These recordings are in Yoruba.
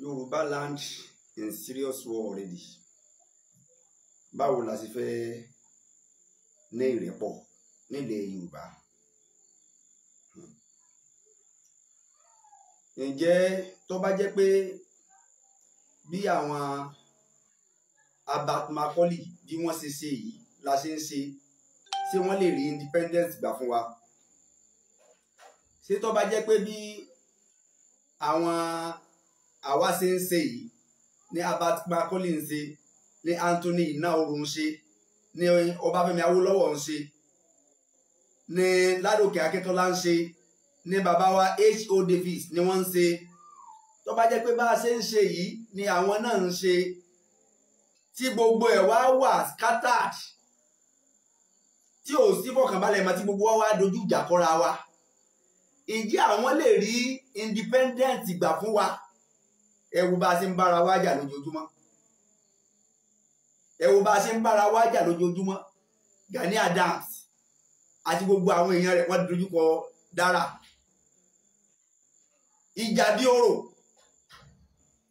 Yorùbá land in serious war already báwo la sì fẹ́ ní ìrẹ́pọ̀ nílẹ̀ Yorùbá ǹjẹ́ tó bá jẹ́ pé bí àwọn Albert Macaulay bí wọ́n ṣe ṣe yìí la ṣe ń ṣe ṣé wọ́n lè rí independence gbà fún wa ṣé tó bá jẹ́ pé bí àwọn àwa ṣe ń ṣe yìí ní Herbert Macaulay ń ṣe ní Anthony Inaoro ń ṣe ní Ọbáfẹ́mi Awólọ́wọ̀ ń ṣe ní Ládòkè Akíntọ́lá ń ṣe ní bàbá wa H.O. Davis ni wọ́n ń ṣe tó bá jẹ́ pé bá a ṣe ń ṣe yìí ni àwọn náà ń ṣe tí gbogbo ẹ̀ wá wà scattered tí ò sí fọkànbalẹ̀ mọ́ tí gbogbo wa wá dojú ìjà kọra wa ìjẹ́ àwọn lè rí independent gbà fún wa. ẹ wo bá a ṣe ń bára wa Gani Adams àti gbogbo àwọn èèyàn rẹ̀ wọ́n dojúkọ dára ìjà bí orò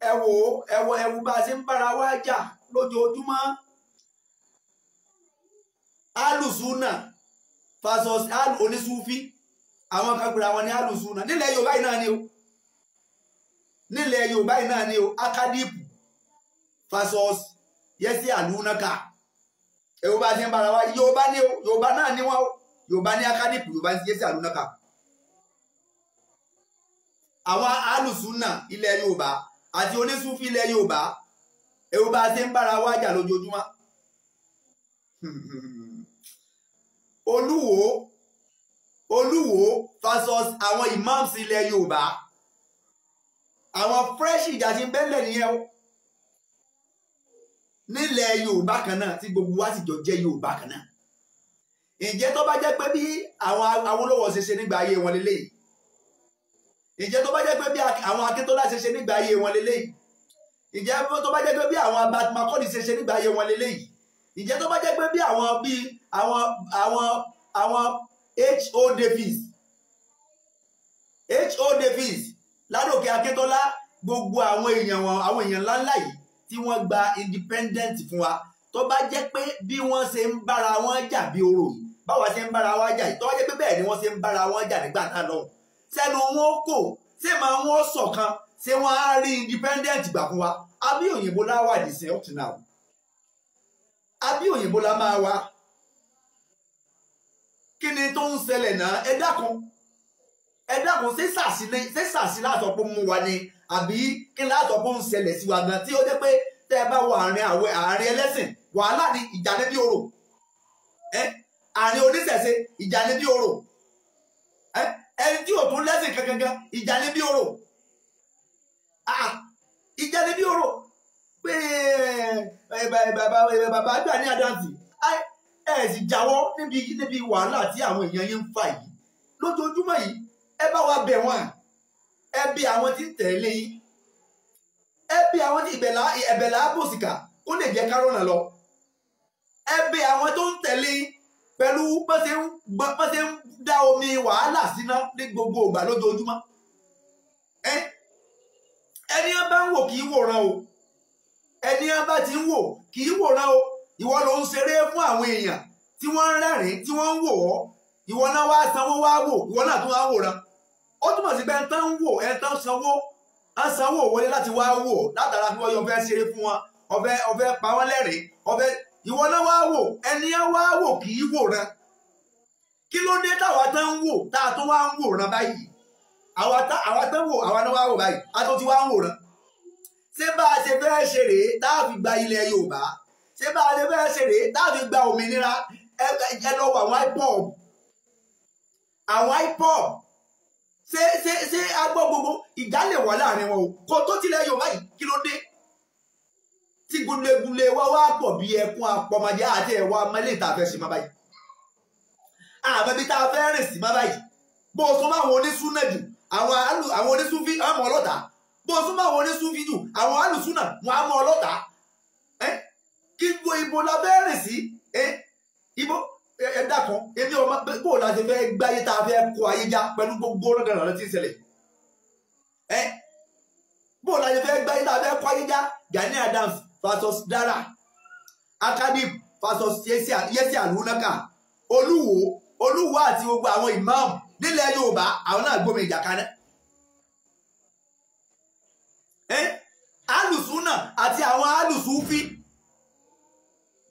ẹ wo ẹ wo ẹ wo bá a ṣe ń àwọn kan àwọn ní alùsùnà nílẹ̀ Yorùbá yìí náà ni o. nílẹ̀ yorùbá yìí náà ni o akadip fasos yẹsí àlùnàkà èwo bá ti ń bára wa yorùbá ni o yorùbá náà ni wọn o yorùbá ní akadip yorùbá ní yẹsí àlùnàkà àwọn alùsùnà ilẹ̀ yorùbá àti onísùnfì ilẹ̀ yorùbá èwo bá ti ń bára wa jà lójoojúmọ́ olúwo olúwo fasos àwọn imams ilẹ̀ yorùbá àwọn fúrẹ́ṣì ìjà ti ń bẹ́lẹ̀ nìyẹn o nílẹ̀ Yorùbá kan náà tí gbogbo wa sì jọ jẹ́ Yorùbá kan náà ǹjẹ́ tó bá jẹ́ pé bí àwọn Awólọ́wọ̀ ṣe ṣe nígbà ayé wọn lélẹ́yìí ǹjẹ́ tó bá jẹ́ pé bí àwọn Akíntọ́lá ṣe ṣe nígbà ayé wọn lélẹ́yìí ǹjẹ́ tó bá jẹ́ pé bí àwọn Abat Macaulay ṣe ṣe nígbà ayé wọn lélẹ́yìí ǹjẹ́ tó bá jẹ́ pé bí àwọn bí àwọn àwọn àwọn H.O. Davis H.O. Davis ládòkè akíntọ́lá gbogbo àwọn èèyàn wọn àwọn èèyàn ńláńlá yìí tí wọ́n gba independent fún wa tó bá jẹ́ pé bí wọ́n ṣe ń bára wọn jà bí orò yìí báwa ṣe ń bára wa jà yìí tó bá jẹ́ pé bẹ́ẹ̀ ni wọ́n ṣe ń bára wọn jà nígbà náà lọ́hùn sẹ́nu wọn kò ṣé máa wọn ṣọ̀kan ṣé wọ́n á rí independent gbà fún wa àbí òyìnbó láwà dì sẹ́ ọ̀tún náà àbí òyìnbó la máa wa kí ni tó ń ṣẹlẹ̀ náà ẹ dákun ẹ dákun ṣé sàṣì látọ̀ pé mú wa ni àbí kí látọ̀ pé ń ṣẹlẹ̀ sí wa gan tí ó jẹ́ pé tẹ́ ẹ bá wọ àárín àwẹ̀ àárín ẹlẹ́sìn wàhálà ni ìjà níbi orò àárín oníṣẹ̀ṣe ìjà níbi orò ẹni tí ò tún lẹ́sìn kankankan ìjà níbi orò ìjà níbi orò pé bàbá àgbà ní adanti ẹ sì jáwọ́ níbi wàhálà tí àwọn èèyàn yín ń fà yìí lójoojúmọ́ yìí ẹ bá wa bẹ̀ wọ́n ẹ bí àwọn tí ń tẹ̀lé yín ẹ bí àwọn tí ẹ̀bẹ̀ làábòsìkà ó lè jẹ́ kárọ̀nà lọ ẹ bí àwọn tó ń tẹ̀lé yín pẹ̀lú pẹ́sẹ̀ ń dá omi wàhálà síná ní gbogbo ìgbà lójoojúmọ́ ẹni ọba ń wò kì í wòran o ẹni ọba ti ń wò kì í wòran o ìwọ ló ń ṣeré fún àwọn èèyàn tí wọ́n ń rẹ́rìn-ín tí wọ́n ń wò ọ́ ìwọ náà wá sanwó wá wò ìwọ náà tún wá wòran ó túmọ̀ sí pé ẹ̀ ń tán wò ẹ̀ ń tán sanwó ẹ̀ ń sanwó wọlé láti wá wò látara fún ọyọ ọbẹ̀ ṣeré fún wọn ọbẹ̀ ọbẹ̀ pa wọ́n lẹ́rìn ọbẹ̀ ìwọ náà wá wò ẹni á wá wò kì í wòran kí ló dé táwa tán ń wò tá a tó wá ń wòran báyìí àwa tán wò àwa náà wá wò báyìí a tó ti wá ń wòran ṣé bá a ṣe fẹ́ ṣe rèé tá a fi gba ilẹ̀ Yorùbá ṣé bá a ṣe fẹ́ ṣe rèé tá a fi gba òmìnira ẹ lọ wọ àwọn ipob àwọn ipob ṣé ṣé ṣé agbọ́ gbogbo ìjà lè wà láàrin wọn o kò tó tilẹ̀ yorùbá yìí kí ló dé tí gulegule wá wá pọ̀ bí ẹkún apọmọdé àti ẹ̀wọ̀ amẹ́lẹ́ tá a fẹ́ ṣe má báyìí àbẹ̀bí tá a fẹ́ rìn sí má báyìí bó o sún mọ́ àwọn onísúnà jù àwọn alù àwọn onísúnfí wọn mọ ọlọ́ta bó o sún mọ́ àwọn onísúnfí jù àwọn alùsúnà wọn á mọ ọlọ́ta kí gbogbo ibo la fẹ́ rìn sí ibo ẹ dákun èmi ọmọ bó la ṣe fẹ́ gbáyé tá a fẹ́ kó ayé já pẹ̀lú gbogbo rẹ̀gànà rẹ̀ tí ń ṣẹlẹ̀ ẹ bó la ṣe fẹ́ gbáyé tá a fẹ́ kó ayé já Gani Adams versus Dara Akadib versus Yẹsi Alunaka Olúwo Olúwo àti gbogbo àwọn ìmáàmù nílẹ̀ Yorùbá àwọn náà gbómi ìjà kaná alùsùn náà àti àwọn alùsùn fi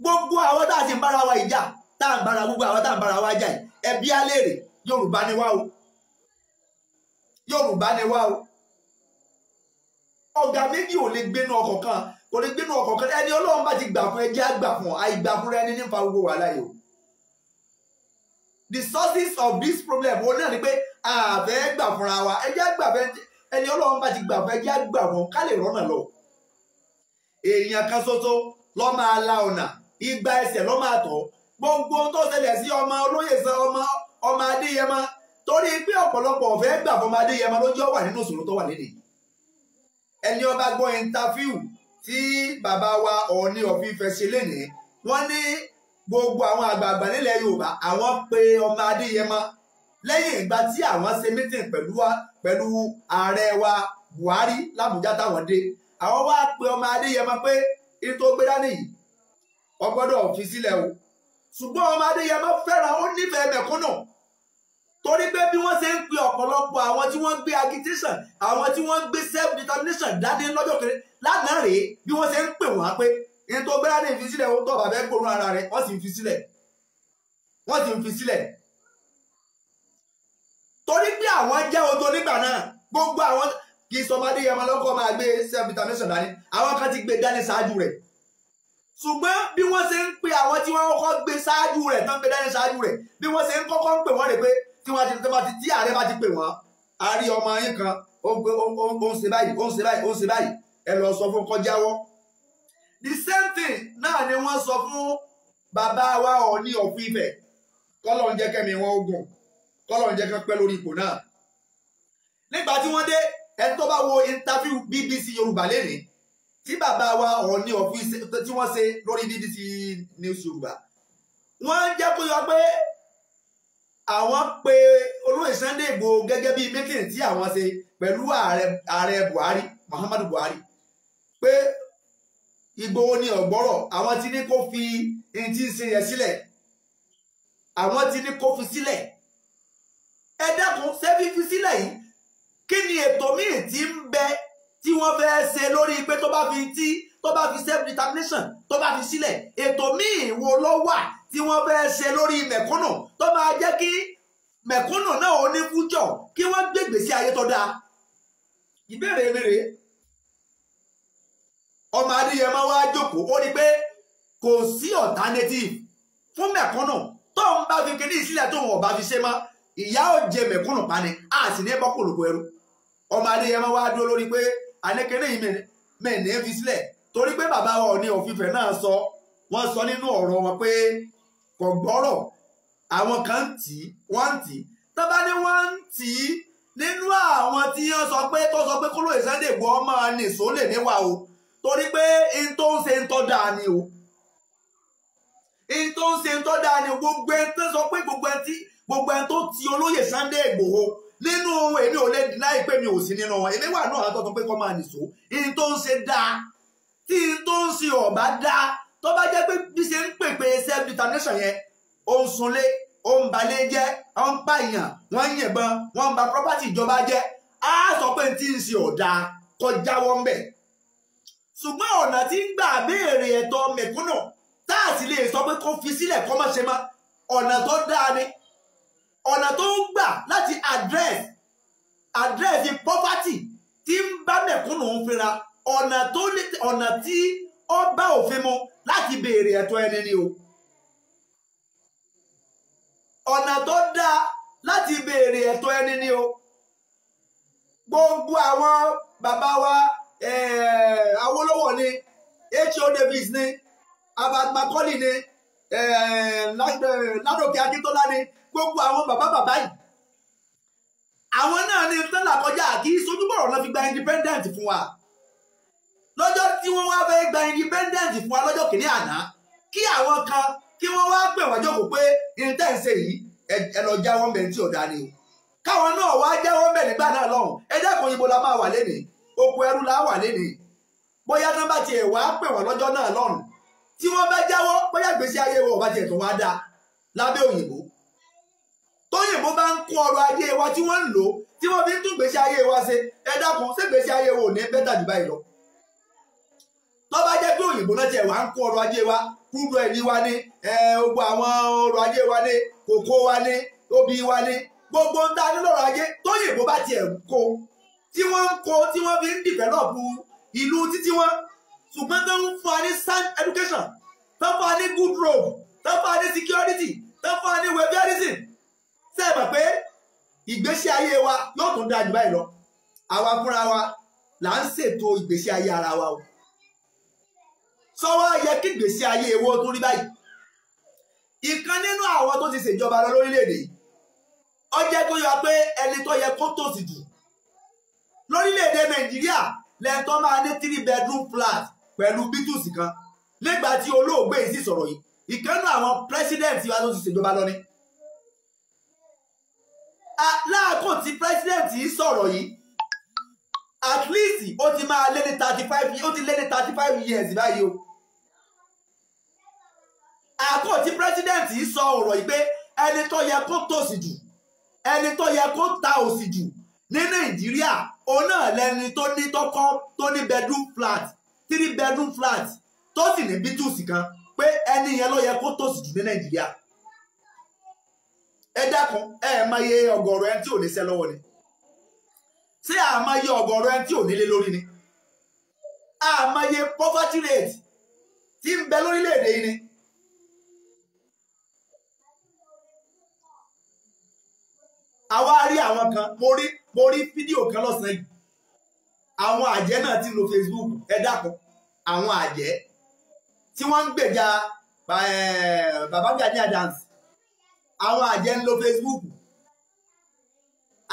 gbogbo àwọn tá a ti ń bára wa ìjà tá gbogbo àwọn tá wa jà ẹbí á yorùbá ni wá o yorùbá ni wá o ọ̀gá méjì ò lè gbénu ọkọ̀ kan kò lè gbénu ọkọ̀ kan ẹni ọlọ́run bá ti gbà fún ẹjẹ́ àgbà fún àìgbà fún ẹni nípa gbogbo wàhálà yìí o the sources of this problem wọn náà ni pé ààbẹ̀ gbà fúnra wa ẹjẹ́ àgbà fẹ́ ẹni ọlọ́run bá ti gbà fún ẹjẹ́ àgbà fún ká lè rọ́nà lọ èèyàn kan ṣoṣo ló máa la ọ̀nà igba ẹsẹ̀ ló máa tọ̀ gbogbo tó ṣẹlẹ̀ sí ọmọ olóyè san ọmọ ọmọ adéyẹmọ torí pé ọ̀pọ̀lọpọ̀ ọ̀fẹ́ gbà fọmọ adéyẹmọ lójú ọwà nínú ìṣòro tó wà lédè ẹni ọba gbọ́ ìntàfíù tí bàbá wa Ọọ̀ni of Ifẹ̀ ṣe lénìí wọ́n ní gbogbo àwọn àgbààgbà nílẹ̀ yorùbá àwọn pe ọmọ adéyẹmọ lẹ́yìn ìgbà tí àwọn ṣe mítìn pẹ̀lú wa pẹ̀lú ààrẹ wa buhari làbújá táwọn dé àwọn wá pe ọmọ adéyẹmọ pé ètò gbéra nìyí ọgbọ́dọ̀ fi sílẹ̀ o ṣùgbọ́n ọmọ adéyẹmọ fẹ́ràn ó nífẹ̀ẹ́ mẹ̀kúnnù torí pé bí wọ́n ṣe ń pe ọ̀pọ̀lọpọ̀ àwọn tí wọ́n ń gbé agitation àwọn tí wọ́n ń gbé self determination jáde lọ́jọ́ kiri lánàá rèé bí wọ́n ṣe ń pè wọ́n á pé ní tó gbéra ní ìfisílẹ̀ ó tọ̀ bàbá gbóòórùn ara rẹ̀ wọ́n sì ń fi sílẹ̀ wọ́n sì ń fi sílẹ̀ torí pé àwọn jẹ́ odo nígbà náà gbogbo àwọn kì í sọ ọmọdé yẹn ọmọ lọ́kọ́ máa gbé self determination dání àwọn kan ti gbé dání ṣáájú rẹ̀ ṣùgbọ́n bí wọ́n ṣe ń pe àwọn tí wọ́n kọ́kọ́ gbé ṣáájú rẹ̀ tán gbé dání ṣáájú rẹ̀ bí wọ́n ṣe ń kọ́kọ́ ń pè wọ́n rẹ̀ pé tí wọ́n ti tí wọ́n ti tí ààrẹ bá ti pè wọ́n àárí ọmọ yín kan ó ń ṣe báyìí ó ń ṣe báyìí ó ń ṣe báyìí ẹ lọ sọ fún kọjáwọ́. the same thing náà ni wọ́n sọ fún bàbá wa Ọọ̀ni of Ifẹ̀ kọ́lọ̀ ń jẹ́ kẹ́mi wọn ogun kọ́lọ̀ ń jẹ́ kán pẹ́ lórí ipò náà. nígbà tí wọ́n dé ẹni tó bá wo interview BBC Yorùbá lénìí tí bàbá wa Ọọ̀ni of Ife tí wọ́n ṣe lórí BBC News Yorùbá wọ́n jẹ́ kó yọ pé àwọn pe olóyè Sunday Igboho gẹ́gẹ́ bíi meeting tí àwọn ṣe pẹ̀lú ààrẹ Buhari Muhammadu Buhari pé Igboho ni ọ̀gbọ́rọ̀ àwọn ti ní kó fi ẹni tí ń ṣe yẹn sílẹ̀ àwọn ti ní kó fi sílẹ̀ ẹ dákun ṣé fífi sílẹ̀ yìí kí ni ètò míì ti ń bẹ tí wọ́n fẹ́ ṣe lórí pé tó bá fi tí tó bá fi self determination tó bá fi sílẹ̀ ètò míì wo ló wà tí wọ́n fẹ́ ṣe lórí mẹ̀kúnnù tó máa jẹ́ kí mẹ̀kúnnù náà ó ní fújọ kí wọ́n gbé ìgbésí ayé tó dáa ìbéèrè mèrè ọmọ adéyẹmọ wá jókòó ó ní pé kò sí alternative fún mẹ̀kúnnù tó ń bá fi kéde ìsílẹ̀ tó ń wọ̀ bá fi ṣe mọ́ ìyá ò jẹ mẹ̀kúnnù pani a sì ní bọ́kùlùkù ẹrú ọmọ adéyẹmọ wá dúró lórí pé anekene yìí mẹ́ẹ̀ni fi sílẹ̀ torí pé bàbá wa Ọọ̀ni òfìfẹ́ náà sọ wọ́n sọ nínú ọ̀rọ̀ wọn pé kò gbọ́rọ̀ àwọn kan tì í wọ́n tì í tó bá ní wọ́n tì í nínú àwọn tí wọ́n sọ pé tó sọ pé kólóyè Sunday Igboho máa nìṣó lè níwà o torí pé n tó ń ṣe ń tọ́ dáa ni o n tó ń ṣe ń tọ́ dáa ni gbogbo ẹni tó sọ pé gbogbo ẹni tó ti olóyè Sunday Igboho nínú èmi ò lè láìpẹ́ mi ò sí nínú wọn èmi wà náà àtọ́tọ́ pé kọ́ máa nìṣó ihun tó ń ṣe dáa tí ihun tó ń ṣe ọ̀bá dáa tó bá jẹ́ pé bí ṣe ń pèpè self determination yẹn ó ń sunlé ó ń balẹ̀ jẹ́ ó ń pààyàn wọ́n ń yìnbọn wọ́n ń ba property ìjọba jẹ́ á sọ pé tí ń ṣe ọ̀dà kọjá wọn bẹ̀. ṣùgbọ́n ọ̀nà tí ń gbà béèrè ẹ̀tọ́ mẹ̀kúnnà táà sì lè sọ pé kó fi sílẹ̀ kó mọ́ ọ̀nà tó dáa ni ọ̀nà tó ń gbà láti address address poverty tí ń bá mẹ̀kúnnù ń fira ọ̀nà tó ọ̀nà tí ó bá òfin mu láti béèrè ẹ̀tọ́ ẹni ni o ọ̀nà tó dáa láti béèrè ẹ̀tọ́ ẹni ni o gbogbo àwọn bàbá wa Awólọ́wọ̀ ni H.O. Davis ni Abat Macaulay ni Ládòkè Akíntọ́lá ni gbogbo àwọn bàbá bàbá yìí àwọn náà ní tán làkọjá kì í sojúbọ̀rọ̀ lọ fi gba independent fún wa lọ́jọ́ tí wọ́n wá fẹ́ gba independent fún wa lọ́jọ́ kìíní àná kí àwọn kan kí wọ́n wá pè wá jókòó pé irinṣẹ́ ìṣe yìí ẹ lọ já wọn bẹ̀rẹ̀ tí ọ̀dà ni o káwọn náà wá já wọn bẹ̀rẹ̀ nígbà náà lọ́hùn ẹ dẹ́kun ibo la máa wà lénìí oko ẹrú la wà lénìí bóyá nọ́mbà tiẹ̀ wá pè wá lọ́jọ́ náà lọ́rùn tí wọ́n bá jáwọ́ bóyá gbèsè ayé wọn ò bá tiẹ̀ tó wá dáa lábẹ́ òyìnbó tóyìnbó bá ń kó ọrọ̀ ajé wa tí wọ́n ń lò tí wọ́n fi ń tún gbèsè ayé wa ṣe ẹ dákun ṣé gbèsè ayé wa ò ní bẹ́tà jù báyìí lọ. tó bá jẹ́ pé òyìnbó náà tiẹ̀ wá ń kó ọrọ̀ ajé wa kúrú ẹni wa ní gbogbo àwọn ọrọ̀ ajé wa ní kòkó wa ní obì wa ní gbogbo ń dání lọ́rọ̀ ajé tóyìnbó bá tiẹ̀ kó tí wọ́n ń kó tí wọ́n fi ń dìbẹ́lọ́pù ìlú títí wọn ṣùgbọ́n tó ń fún education tó ń good road tó ń security tó ń fún wa ṣé ẹ mọ̀ pé ìgbésí ayé wa yóò tún dáa jù báyìí lọ àwa fúnra wa là ń ṣètò ìgbésí ayé ara wa o sọwọ́ yẹ kí ìgbésí ayé owó tún rí báyìí ìkan nínú àwọn tó ti ṣèjọba lọ lórílẹ̀‐èdè yìí ó jẹ́ kó yọ pé ẹni tó yẹ kó tòṣì jù lórílẹ̀‐èdè nàìjíríà lẹ́yìn máa ní three bedroom flat pẹ̀lú bítùsì kan nígbà tí olóògbé yìí sì sọ̀rọ̀ yìí ìkan nínú àwọn president wa tó ti ṣèjọba lọ ni láàkó tí president yìí sọ̀rọ̀ yìí at least ó ti máa lé ní thirty five ó ti lé ní thirty five years báyìí o àkó tí president yìí sọ ọ̀rọ̀ yìí pé ẹni tó yẹ kó tòṣì jù ẹni tó yẹ kó ta òṣì jù ní nàìjíríà òun náà lẹni tó ní tọkọ tó ní bedroom flat three bedroom flat tó sì ní bítúùsì kan pé ẹni yẹn ló yẹ kó tòṣì jù ní nàìjíríà. ẹ Emaye ẹ máa yẹ ọ̀gọ̀rọ̀ ẹni ni ṣé a máa yẹ ọ̀gọ̀rọ̀ ẹni tí ni a poverty rate tí bẹ èdè ni. àwa rí àwọn kan mo kan lọ́sàn yìí àwọn àjẹ́ ti lo Facebook àwọn àjẹ́ ń lo Facebook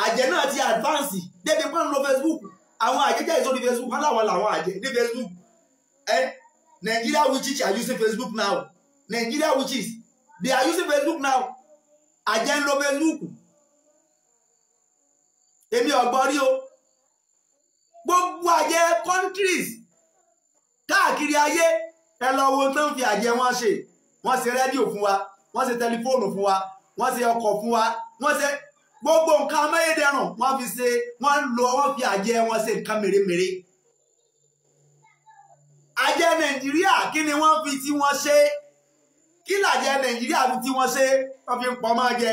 àjẹ́ náà ti advance débi pé ń lo Facebook àwọn àjẹ́ jẹ́ ìsọ́ni Facebook wọn làwọn làwọn àjẹ́ ní Facebook ẹ Nigeria witches are using Facebook now Nigeria witches they are using Facebook now àjẹ́ ń lo Facebook èmi ọ̀gbọ́n rí o gbogbo àjẹ́ countries káàkiri ayé ẹ lọ wo tó ń fi àjẹ́ wọn ṣe wọ́n ṣe rédíò fún wa wọ́n ṣe tẹlifóònù fún wa wọ́n ṣe ọkọ̀ fún wa wọ́n ṣe gbogbo nǹkan amáyédẹrùn wọ́n fi ṣe wọ́n ń lo wọ́n fi àjẹ wọn ṣe nǹkan mèremère àjẹ nàìjíríà kí ni wọ́n fi tí wọ́n ṣe kí làjẹ nàìjíríà fi tí wọ́n ṣe wọ́n fi ń pọ̀ máa jẹ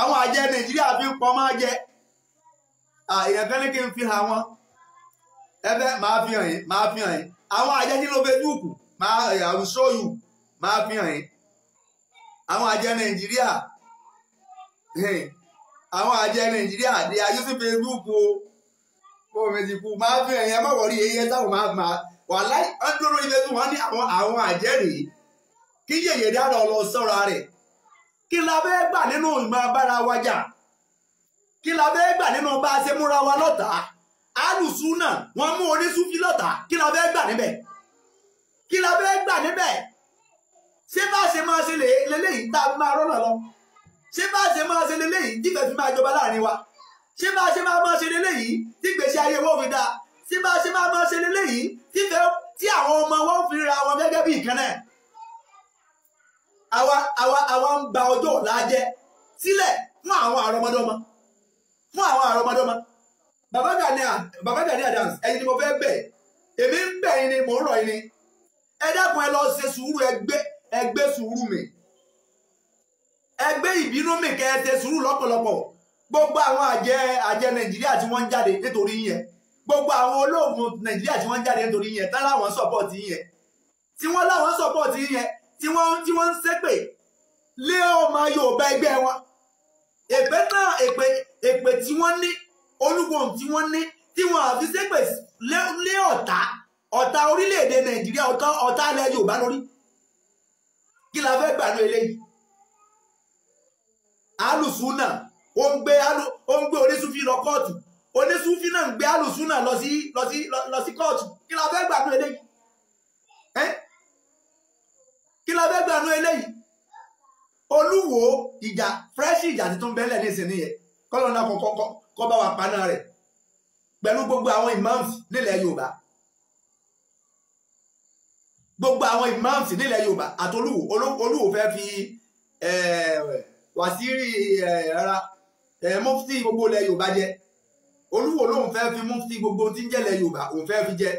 àwọn àjẹ nàìjíríà fi ń pọ̀ máa jẹ èèyàn kan ní kí n fi hàn wọn ẹbẹ máa fi hàn yín máa fi hàn yín àwọn àjẹ nílò facebook máa I um, will show you máa fi hàn yín àwọn àjẹ nàìjíríà àwọn àjẹ nàìjíríà àdé ayé sí facebook o fóònù ti kú máa fi ẹ̀yìn ẹ̀mọ́ wọ̀rí eyé táwọn máa ma wà láì ọ́dúró ibẹ̀ tí wọ́n ní àwọn àwọn àjẹrìí kí yèyè dára lọ sọ́ra rẹ̀ kí la fẹ́ gbà nínú ìmọ̀ abára wa jà kí la fẹ́ gbà nínú bá a ṣe múra wa lọ́tàá alùsùn náà wọ́n mú onísùn fi lọ́tàá kí la fẹ́ gbà níbẹ̀ kí la fẹ́ gbà níbẹ̀ ṣé bá ṣe máa ṣe lélẹ́yìn tá a fi máa rọ́nà lọ ṣé bá ṣe máa ṣe lélẹ́yìn tí ìfẹ́ fi máa jọba láàrin wa ṣé bá ṣe máa máa ṣe lélẹ́yìn tí ìgbésí ayé wọn fi dáa ṣé bá ṣe máa máa ṣe lélẹ́yìn tí ìfẹ́ tí àwọn ọmọ wọn fi ra wọn gẹ́gẹ́ bí ìkànnà àwa àwa àwa ń ba ọjọ́ ọ̀la jẹ sílẹ̀ fún àwọn àrọmọdọ́mọ fún àwọn àrọmọdọ́mọ bàbá Gani bàbá Gani Adams ẹ̀yin ni mo fẹ́ bẹ̀ èmi ń bẹ̀ yín ni mò ń rọ̀ yín ni ẹ dákun ẹ lọ ṣe sùúrù ẹ gbé ẹ gbé sùúrù mi ẹ gbé ìbínú mi kẹ́ ẹ ṣe sùúrù lọ́pọ̀lọpọ̀ gbogbo àwọn àjẹ àjẹ nàìjíríà tí wọ́n ń jáde nítorí yẹn gbogbo àwọn olóògùn nàìjíríà tí wọ́n ń jáde nítorí yẹn tá láwọn sọ́pọ̀tì yẹn tí wọ́n láwọn sọ́pọ̀tì yẹn tí wọ́n tí wọ́n ń ṣépè lé ọmọ yorùbá ẹgbẹ́ wọn èpè náà èpè èpè tí wọ́n ní olúgbòm tí wọ́n ní tí wọ́n àfi ṣépè lé ọ̀tá ọ̀tá orílẹ̀-èdè nàìjíríà ọ̀tá ọ̀tá ilẹ̀ yorùbá lórí kí la fẹ́ gbàdúrà eléyìí alùsùnà ó ń gbé ó ń gbé onísùnfì lọ kóòtù onísùnfì náà ń gbé alùsùnà lọ sí lọ sí lọ sí kóòtù kí la fẹ́ gbàdúrà eléyìí ẹ kí la fẹ́ gbàdúrà eléyìí olúwo ìjà fúrẹ́ṣì ìjà tuntun bẹ́lẹ̀ ní ìsìn nìyẹn kọ́lọ́nà kọ́kọ́ kọ́ bá wa paná rẹ̀ pẹ̀lú gbogbo àwọn ìmáàmù nílẹ̀ yorùbá gbogbo àwọn imams nílẹ̀ yorùbá àtolúwo olúwo fẹ́ fi wàsírí ara mufti gbogbo ilẹ̀ yorùbá jẹ olúwo lòun fẹ́ fi mufti gbogbo tí ń jẹ́ ilẹ̀ yorùbá òun fẹ́ fi jẹ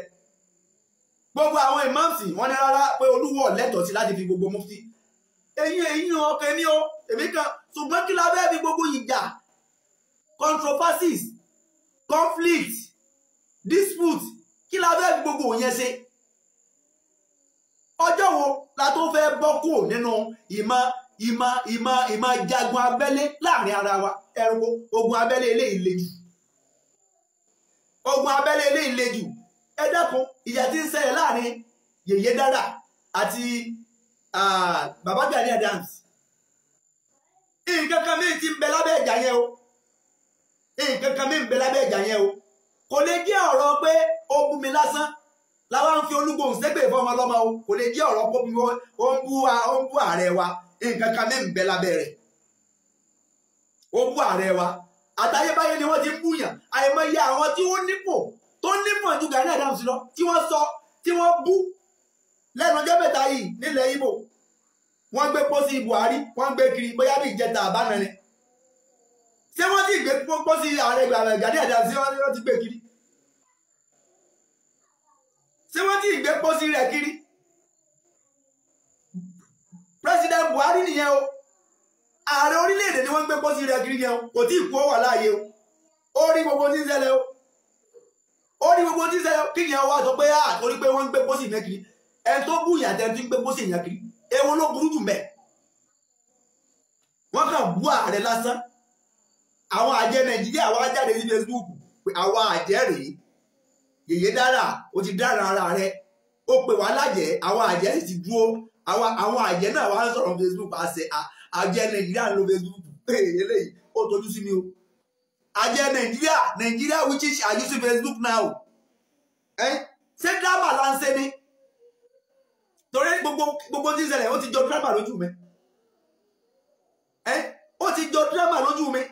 gbogbo àwọn imams wọn ní rárá pé olúwo lẹ́tọ̀ọ́ sí láti fi gbogbo mufti ẹ̀yin ẹ̀yin ọkọ èmi o èmi kan ṣùgbọ́n kí la fẹ́ fi gbogbo ìjà controversies conflict dispute kí la fẹ́ fi gbogbo òun yẹn ṣe ọjọ́ wo la tó fẹ́ bọ́ nínú ìmọ̀ ìmọ̀ ìmọ̀ ìmọ̀ jagun abẹ́lé láàrin ara wa ẹ̀rọ ogun abẹ́lé eléyìí le jù ogun abẹ́lé eléyìí le jù ẹ tí ń ṣẹlẹ̀ láàrin yèyé dára àti bàbá Gani Adams o nǹkan kan o kò lè jẹ́ láwa ń fi olúgbòhùn sẹ́gbẹ̀ẹ́ fún ọmọ ọlọ́mọ o kò lè jẹ́ ọ̀rọ̀ pọ́bí wọn ó ń bú ààrẹ wa nǹkan kan mẹ́rin bẹ́ lábẹ́ rẹ̀ ó bú ààrẹ wa àtayébáyé ni wọ́n ti ń búyàn àìmọye àwọn tí ó nípò tó nípò ju Gani Adams lọ tí wọ́n sọ tí wọ́n bú lẹ́nu ọjọ́ mẹ́ta yìí nílẹ̀ Ìgbò wọ́n gbé pósí Buhari wọ́n gbé kiri bóyá bí ìjẹta àbánarin ṣé wọ́n ti gbé pósí ààrẹ Gani Adams wọ́n ti gbé kiri ṣé wọ́n ti gbé pósí rẹ̀ kiri president Buhari nìyẹn o ààrẹ orílẹ̀-èdè ni wọ́n gbé pósí rẹ̀ kiri yẹn o kò tí ì kú ó wà láàyè o ó rí gbogbo tí ń ṣẹlẹ̀ o ó rí gbogbo tí ń ṣẹlẹ̀ kí yẹn wá sọ pé àtòrí ah, pé wọ́n ń gbé pósí yẹn kiri ẹni tó bú ìyàtẹ̀ ẹni tó ń gbé pósí yẹn kiri èwo ló burú jù mẹ́ẹ̀ wọ́n kàn bú ààrẹ lásán àwọn àjẹ́ Nàìjíríà wá jáde sí Facebook pé àwa rèé yèyé dára o ti dára ara rẹ ó pè wá lájẹ àwọn àjẹ sì ti dúró àwọn àjẹ náà wá ń sọ̀rọ̀ Facebook àṣẹ àjẹ nàìjíríà ń lo Facebook eléyìí ó tojú sí mi o àjẹ nàìjíríà nàìjíríà which is are using Facebook now ṣé drama la ń ṣe ni torí gbogbo gbogbo tí ń ṣẹlẹ̀ ó ti jọ drama lójú mi ó ti jọ drama lójú mi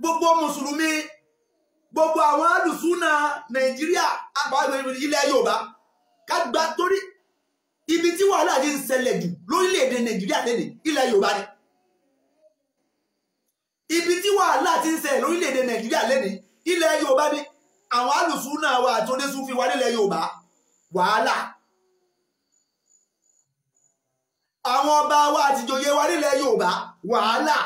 gbogbo mùsùlùmí gbogbo àwọn na nàìjíríà àpapọ̀ ilẹ̀ yorùbá kágbá torí ibi tí wàhálà ti ń ṣẹlẹ̀ jù lórílẹ̀‐èdè nàìjíríà lẹ́nìí ilẹ̀ yorùbá ni ibi tí wàhálà ti ń ṣẹlẹ̀ lórílẹ̀‐èdè nàìjíríà lẹ́nìí ilẹ̀ yorùbá ni àwọn alùsùnà wa àti fi wá nílẹ̀ yorùbá wàhálà àwọn ọba wa àtìjòyè wa nílẹ̀ yorùbá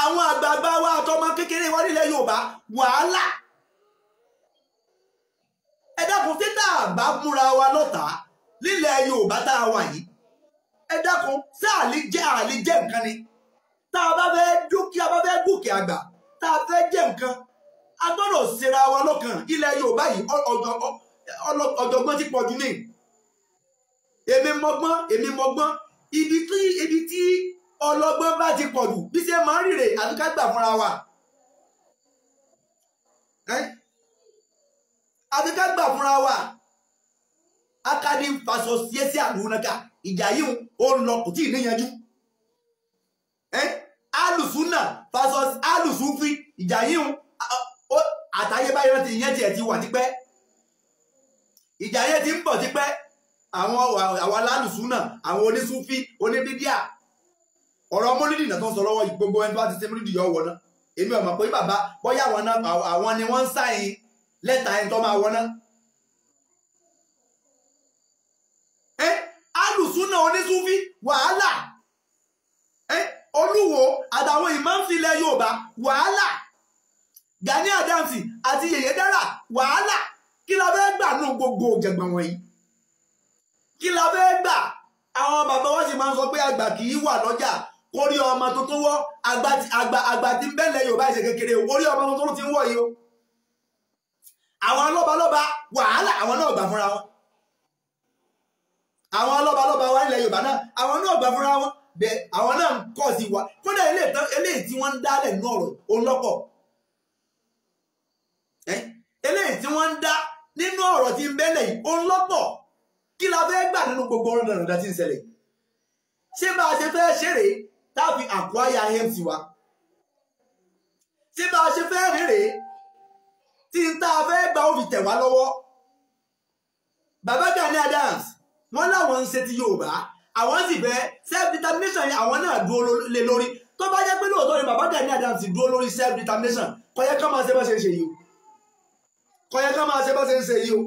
àwọn àgbààgbà wa àtọmọ kékeré wa nílẹ̀ Yorùbá wàhálà ẹ dákun títà àbá múra wa lọ́tà nílẹ̀ Yorùbá tá a wà yìí ẹ dákun sí àlíjẹ́ àlíjẹ́ nǹkan ni tá a bá fẹ́ dúkìá bá fẹ́ gòkè àgbà tá a fẹ́ jẹ́ nǹkan a gbọ́dọ̀ ṣera wa lọ́kàn ilẹ̀ Yorùbá yìí ọ̀jọ̀gbọ́n ti pọ̀jù ní èmi mọ̀gbọ́n èmi mọ̀gbọ́n ibi tí ibi tí ọlọ́gbọ́n bá ti pọ̀jù bí ṣe máa ń rìrè àbí ká gbà fúnra wa àbí ká gbà fúnra wa akadi faṣọ síẹsí àlùnàkà ìjà yìí ó ń lọ kò tí ì níyanjú alùsùnà faṣọ alùsùnfi ìjà yìí àtayébáyé ti yẹn tiẹ̀ ti wà tipẹ́ ìjà yẹn ti ń bọ̀ tipẹ́ àwọn àwọn alálùsùnà àwọn onísùnfi oníbídíà ọ̀rọ̀ mọ́lídì náà tó ń sọ lọ́wọ́ yìí gbogbo ẹni bá ti ṣe mọ́lídì yọ wọ̀ná èmi ọ̀mọ̀ pé bàbá bóyá àwọn náà àwọn ni wọ́n ń sáyìn lẹ́tà ẹni tó máa wọ̀ná. ẹ alùsùnà onísúfí wàhálà ẹ olúwo àtàwọn ìmọ̀nfilẹ̀ yorùbá wàhálà Gani Adams àti Yèyé Dára wàhálà kí la fẹ́ gbà nù gbogbo òjẹ̀gbọ̀n wọ̀nyí kí la fẹ́ gbà àwọn bàbá wa sì máa ń sọ pé àgbà kì í wà lọ́jà kórí ọmọ tuntun wọ́ àgbà tí ń bẹ́lẹ̀ yorùbá ìṣe kékeré orí ọmọ tuntun ti ń wọ̀ yìí o àwọn lọ́balọ́ba wàhálà àwọn náà gbà fúnra wọn àwọn lọ́balọ́ba wa ilẹ̀ yorùbá náà àwọn náà gbà fúnra wọn bẹ́ẹ̀ àwọn náà ń kọ́ sí wa kódà eléyìí tí wọ́n ń dálẹ̀ nínú ọ̀rọ̀ olọ́pọ̀ eléyìí tí wọ́n ń dá nínú ọ̀rọ̀ tí ń bẹ́lẹ̀ yìí olọ́pọ̀ kí la fẹ́ gbà nínú gbogbo ọ̀rọ̀ nàràdà tí ń ṣẹlẹ̀ ṣé bá a ṣe fẹ́ ṣeré táàbì àkúáyà mt wa tí bá a ṣe fẹ́ rèé rèé tí n tá a fẹ́ gba òfin tẹ̀ wá lọ́wọ́ bàbá Gani Adams wọ́n láwọn ń ṣe ti Yorùbá àwọn sì fẹ́ self determination yẹn àwọn náà dúró lé lórí tó bá jẹ́ pé lóòótọ́ ni bàbá Gani Adams dúró lórí self determination kò yẹ ká máa ṣe bá ṣe ń ṣe yìí o kò yẹ ká máa ṣe bá ṣe ń ṣe yìí o.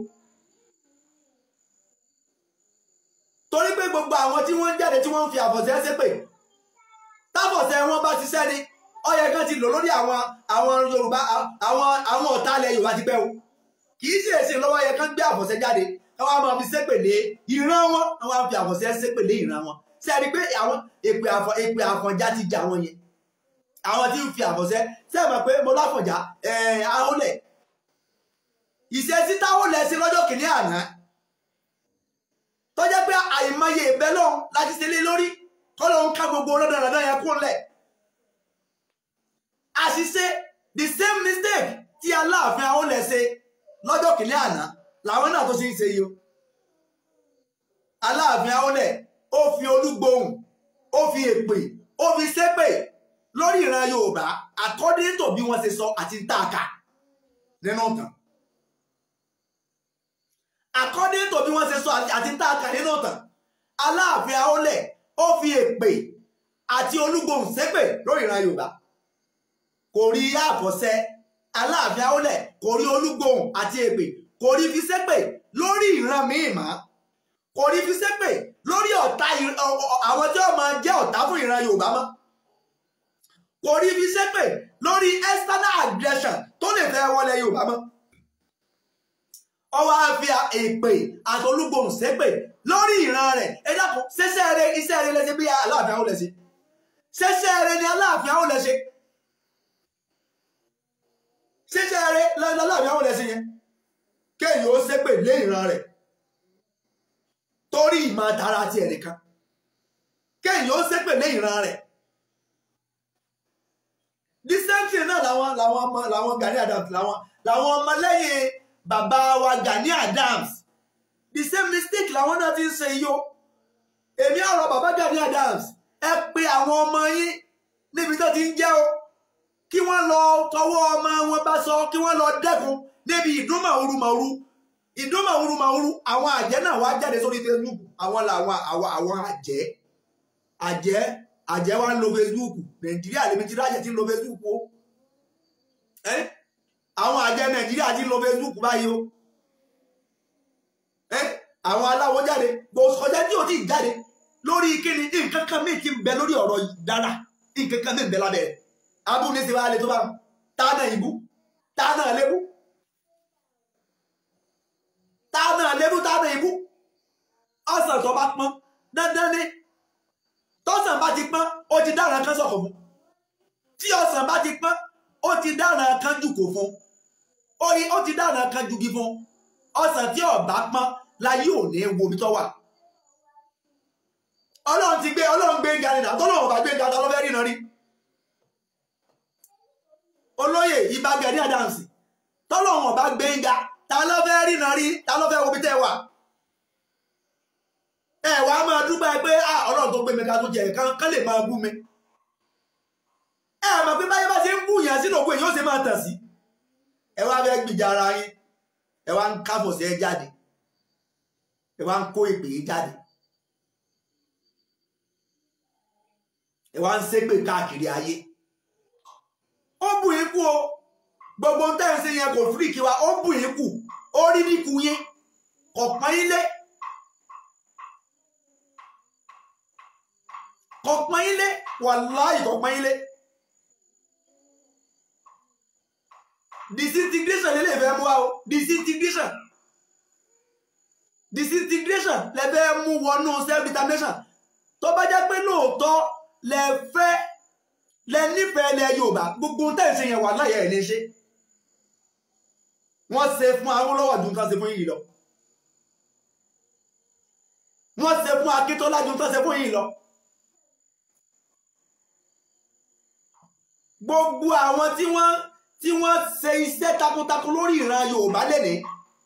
torí pé gbogbo àwọn tí wọ́n ń jáde tí wọ́n ń fi àbọ̀sẹ̀ ṣépè tábọ̀tẹ́ wọn bá ṣiṣẹ́ ni ọyẹ kan ti lò lórí àwọn àwọn Yorùbá àwọn àwọn ọ̀tá ilẹ̀ Yorùbá ti pẹ́ o kì í ṣe èsì lọ́wọ́ ọyẹ kan gbé àfọ̀ṣẹ jáde káwọn máa fi ṣépèlé ìran wọn àwọn àfi àfọ̀ṣẹ ṣépèlé ìran wọn ṣe é rí i pé àwọn èpè àfọ̀ èpè àfọ̀njá ti jà wọn yẹn àwọn tí ń fi àfọ̀ṣẹ ṣe é mọ̀ pé mo láfọ̀njá ẹ̀ẹ́n ahólẹ̀ ìṣesí táwọn lẹ̀ ṣe lọ́jọ́ kìnínní àná tó jẹ́ pé àìmọye ìbẹ́lọ́ láti ṣe lé lórí kọ́lọ̀ ń ká gbogbo rádàrádà yẹn kúrò lẹ̀ àṣìṣe the same mistake tí aláàfin Awólẹ̀ ṣe lọ́jọ́ kìlẹ̀ àná làwọn náà tó ṣe ń ṣe yìí o aláàfin Awólẹ̀ ó fi olúgbohùn ó fi èpè ó fi ṣépè lórí ìran Yorùbá according to bí wọ́n ṣe sọ àti tààkà nínú ìtàn according to bí wọ́n ṣe sọ àti tààkà nínú ìtàn aláàfin Awólẹ̀ ó fi èpè àti olúgbòhùn ṣépè lórí ìran yorùbá kò rí àfọ̀ṣẹ aláàfin àwọlẹ̀ kò rí olúgbòhùn àti èpè kò rí fi ṣépè lórí ìran míì mọ́ kò rí fi ṣépè lórí ọ̀tá àwọn tí ó máa jẹ́ ọ̀tá fún ìran yorùbá mọ́ kò rí fi ṣépè lórí external aggression tó lè fẹ́ wọlé yorùbá mọ́ ọwọ́ àfi èpè àti olúgbòhùn ṣépè lórí ìran rẹ̀ ẹ dákun ṣẹṣẹ rẹ iṣẹ́ rẹ lẹsẹ bí aláàfin àwọn lẹsẹ ṣẹṣẹ rẹ ni aláàfin àwọn lẹsẹ ṣẹṣẹ rẹ aláàfin àwọn lẹsẹ yẹn kéèyàn ó ṣépè lé ìran rẹ̀ torí ìmọ̀ tara ti ẹ̀rẹ̀ kan kéèyàn ó ṣépè lé ìran rẹ̀ the náà làwọn làwọn ọmọ làwọn Gani Adams làwọn làwọn ọmọlẹ́yìn bàbá wa Gani Adams the same mistake làwọn yo. ti ń ṣe yìí o èmi ọ̀rọ̀ bàbá Gani Adams ẹ pe àwọn ọmọ yín níbi tó ti ń jẹ́ o kí wọ́n lọ tọwọ́ ọmọ wọn bá sọ kí wọ́n lọ dẹ́kun níbi ìdúnmàwúrúmàwúrú ìdúnmàwúrúmàwúrú àwọn àjẹ́ náà wá jáde sórí Facebook àwọn làwọn àwọn àwọn àjẹ́ àjẹ́ àjẹ́ wa ń lo Facebook Nàìjíríà lèmi ti rájẹ́ ti ń lo Facebook o àwọn àjẹ́ Nàìjíríà ti ń lo Facebook báyìí o àwọn aláwọ̀ jáde ọjà tí ò tí ì jáde lórí kíni nǹkan kan míì ti ń bẹ lórí ọ̀rọ̀ dára nǹkan kan míì ń bẹ lábẹ́ abú ní ti wá lè tó bá ta náà ibú ta náà lébú ta náà lébú ta náà ibú ọ̀sán tó bá pọ́n dandan ni tọ́sán bá ti pọ́n ó ti dára kan sọ̀kọ̀ fún tí ọ̀sán bá ti pọ́n ó ti dára kan jù kò fún ó ti dára kan jù kì fún ọ̀sán tí ó bá láyé ò ní ụgbọ omi tó wà ọlọ́run ti gbé ọlọ́run gbé ga nìyà tọ́lọ́run bá gbé ga ta rí iná olóyè Ìbà Gani Adams tọ́lọ́run bá gbé ga ta ló rí wà ẹ máa dúpẹ́ pé ọlọ́run tó gbé mi máa bú mi ẹ mọ̀ pé bá ṣe ń sínú òkú èyí ó ṣe máa tàn sí ẹ wá ara yín ẹ wá ń káfọ̀ ẹ wá ń kó ìpè yìí jáde ẹ wá ń ṣépè káàkiri ayé ó bù yín kú o gbogbo tẹ́sí yẹn kò fíríkì wa ó bù yín kù ó rí níkù yín kò pọ́n yín lé kò pọ́n yín lé wàláì kò pọ́n yín lé disintegration lè lè fẹ́ mú wa o disintegration disintegration lẹ fẹ́ mú wọnú self determination tó bá jẹ́ pé lóòótọ́ lẹ fẹ́ lẹ nífẹ̀ẹ́ lẹ Yorùbá gbogbo tẹ̀ ṣe yẹn wà láyé ẹ̀ ní ṣe wọ́n ṣe fún Awólọ́wọ̀ ju nǹkan ṣe fún yìí lọ wọ́n ṣe fún Akíntọ́lá ju nǹkan ṣe fún yìí lọ. gbogbo àwọn tí wọ́n tí wọ́n ṣe iṣẹ́ takuntakun lórí ìran Yorùbá lẹ́nìí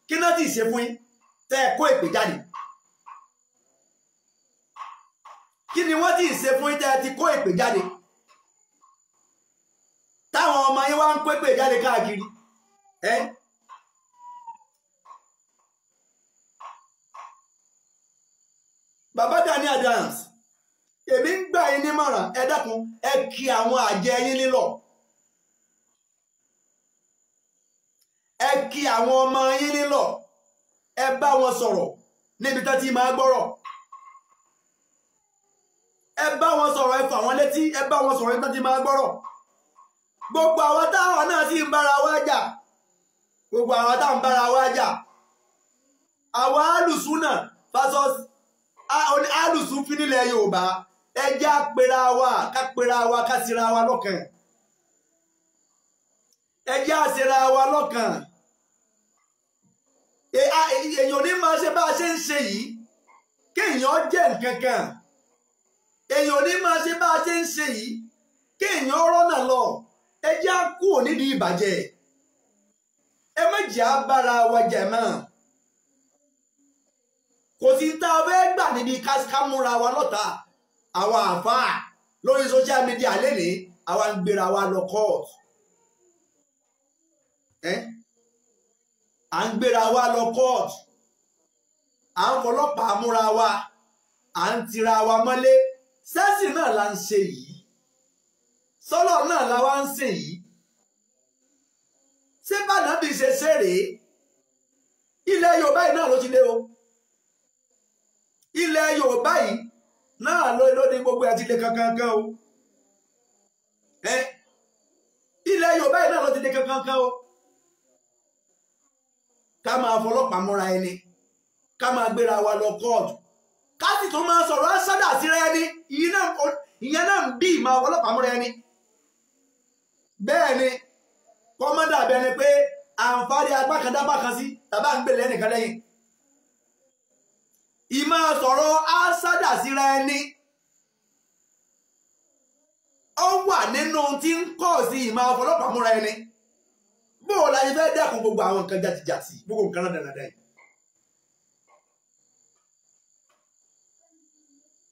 kí náà ti ṣe fún yín tẹ́ ẹ kó èpè jáde kí ti ṣe fún yín ti kó èpè jáde táwọn ọmọ yín wá kó káàkiri bàbá Adams èmi ń gbà yín nímọ̀ràn ẹ ẹ kí àwọn àjẹ yín Ebe wọn sọ̀rọ̀ ti ma gbọ́rọ̀ ebe wọn sọ̀rọ̀ ẹ wọn létí ti ma gbogbo àwọn ta náà na ń mbara wa jà gbogbo àwọn ta mbara wa jà àwọn alùsùnà wa wa wa lọ́kàn wa èèyàn ní máa ṣe bá a ṣe ń ṣe yìí kéèyàn jẹ́ nǹkan kan èèyàn ní máa ṣe bá a ṣe ń ṣe yìí kéèyàn rọ́nà lọ ẹ jẹ́ á kúrò nídìí ìbàjẹ́ ẹ má jẹ́ á bára wa jẹ̀ mọ́ kò sí tá a fẹ́ gbà níbi ká múra wa lọ́ta àwa àfáà lórí social media lẹ́nìí àwa ń gbéra wa lọ court. à ń gbéra wa lọ kóòtù à ń fọlọ́pàá múra wa à ń tira wa mọ́lé sẹ́sìn náà la ń ṣe yìí sọ́lọ̀ náà la wá ń sìn yìí ṣé bàdàbí ṣe ṣe rèé ilẹ̀ Yorùbá yìí náà ló ti lé o ilẹ̀ Yorùbá yìí náà ló lóde gbogbo àti ti lé kankankan o ilẹ̀ Yorùbá yìí náà ló ti lé kankankan o. ká máa fọlọ́pàá mọ́ra ẹni ká máa gbéra wa lọ kóòtù ká sì tún máa sọ̀rọ̀ ásádà síra ẹni ìyẹn náà ń bí ìmọ̀ ọlọ́pàá mọ́ra ẹni bẹ́ẹ̀ ni kọ́mọ́dà bẹ́ẹ̀ ni pé àǹfààní agbákandá bákan sí tàbá ń gbèlè ẹnìkan lẹ́yìn ìmọ̀ sọ̀rọ̀ síra ẹni ó wà nínú ti ń kọ̀ sí ìmọ̀ ọlọ́pàá ẹni. bó o la yẹ fẹ́ dẹ́kun gbogbo àwọn nǹkan jàtijàti gbogbo nǹkan náà dandan yìí.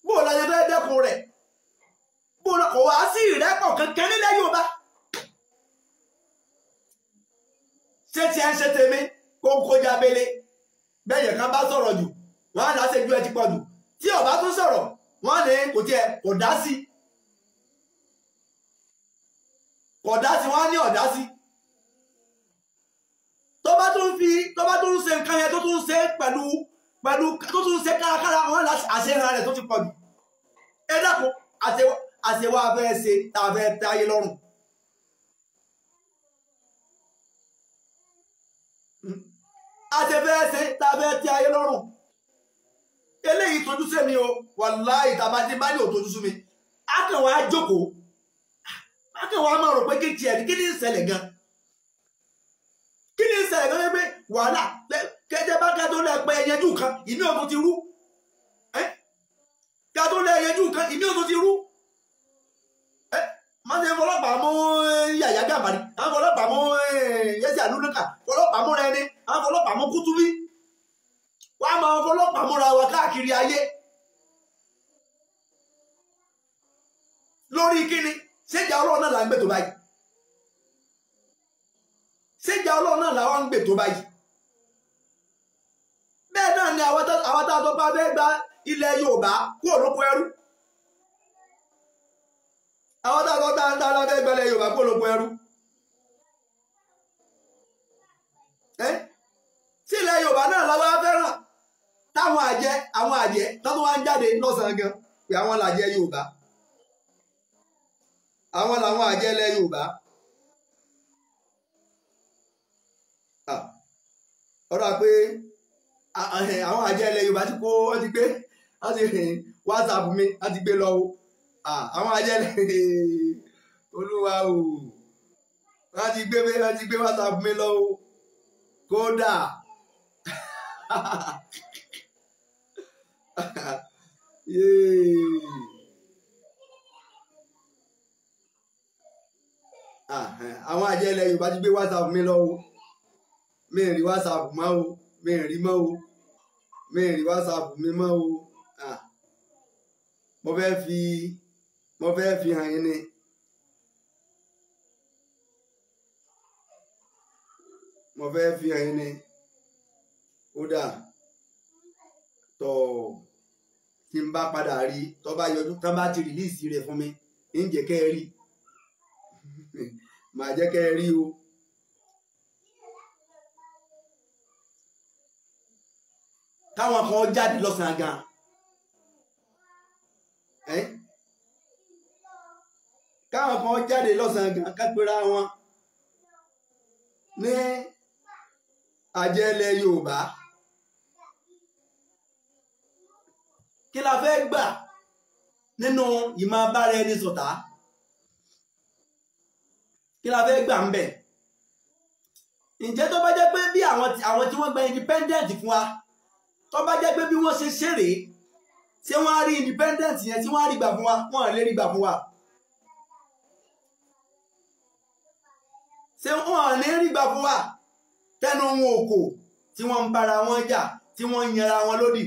bó o la yẹ fẹ́ dẹ́kun rẹ̀ bó o la kò wá sí ìrẹ́pọ̀ kankan nílẹ̀ Yorùbá. ṣé tiẹ̀ ń ṣe tèmi kó ń kójà bele bẹ́ẹ̀ yẹn kan bá sọ̀rọ̀ jù wọ́n á dáṣe ju ẹ ti pọ̀ jù tí ọba tún sọ̀rọ̀ wọ́n ní kò tiẹ̀ kò dá sí kò dá sí wọ́n á ní ọ̀dá sí tó bá tún fi tó bá tún ṣe nǹkan yẹn tó tún ṣe pẹ̀lú pẹ̀lú tó tún ṣe kárakára wọn láti àṣehàn rẹ̀ tó ti pọ̀ jù ẹ dákun àṣewà fẹ́ ṣe tàbẹ́ táyé lọ́rùn. àṣefẹ́ ṣe tàbẹ́ táyé lọ́rùn eléyìí tójú sí mi o wàláì tàbá tí bá ní òtójú sí mi akẹwàá jókòó akẹwàá máa rò pé kí n tiẹ̀ kí ni ń gan wàhálà kẹjẹ bá ká tó lẹ pẹ ẹyẹjú kan ìmí ọ̀tún ti rú ká tó lẹ ẹyẹjú kan ìmí ọ̀tún ti rú máa ṣe fọlọ́pàá mú yàyà gàbàrí àwọn fọlọ́pàá mú yẹsẹ̀ àlùlùkà fọlọ́pàá mú rẹni àwọn fọlọ́pàá mú kútúbí wàá máa fọlọ́pàá múra wa káàkiri ayé lórí kíni ṣéjà ọlọ́run náà là ń gbé tó báyìí ṣéjà ọlọ́run náà làwọn ń gbé tó báyìí. bẹ́ẹ̀ náà ni àwọn tá a tó bá fẹ́ gba ilẹ̀ Yorùbá kúrò lóko ẹrú àwọn tá a tó bá fẹ́ gba ilẹ̀ Yorùbá kúrò lóko ẹrú tí ilẹ̀ Yorùbá náà lọ́wọ́ fẹ́ràn táwọn àjẹ́ àwọn àjẹ́ wá ń jáde lọ́sàn-án Eh, àwọn àjẹ ilẹ̀ Yorùbá ti kó wọ́n ti gbé wọ́n ti eh, WhatsApp mi wọ́n ti gbé lọ o àwọn àjẹ ilẹ̀ olúwa o wọ́n ti gbé wọ́n ti gbé WhatsApp mi lọ o kódà eh, àwọn àjẹ ilẹ̀ Yorùbá ti gbé WhatsApp mi lọ o mi ì rí WhatsApp mọ́ o mi ì mọ́ o mi rí wásaàpù mi o mo fẹ́ fi mo fẹ́ fi hàn yín ni. mo fẹ́ fi hàn yín ni kódà tọ̀ tí n bá padà rí tó bá yọjú tó bá ti rìlíìsì rẹ̀ fún mi ń jẹ́ kẹ́ ẹ rí màá jẹ́ kẹ́ ẹ rí o. káwọn kan jáde lọ́sàn-án gan káwọn kan jáde lọ́sàn-án gan kápẹ́ra wọn ní àjẹlẹ̀ Yorùbá kí la fẹ́ gbà nínú ìmọ̀ abára ẹni sọ̀tá kí la fẹ́ gbà ń bẹ̀ ǹjẹ́ tó bá jẹ́ pé bí àwọn tí wọ́n gba independent fún wa tó bá jẹ́ pé bí wọ́n ṣe ṣeré ṣé wọ́n á rí independent yẹn tí wọ́n á rí gbà fún wa wọ́n á lè rí gbà fún wa. ṣé wọ́n á lè rí gbà fún wa tẹnu wọn òkò tí wọ́n ń bára wọn jà tí wọ́n ń yanra wọn lódì.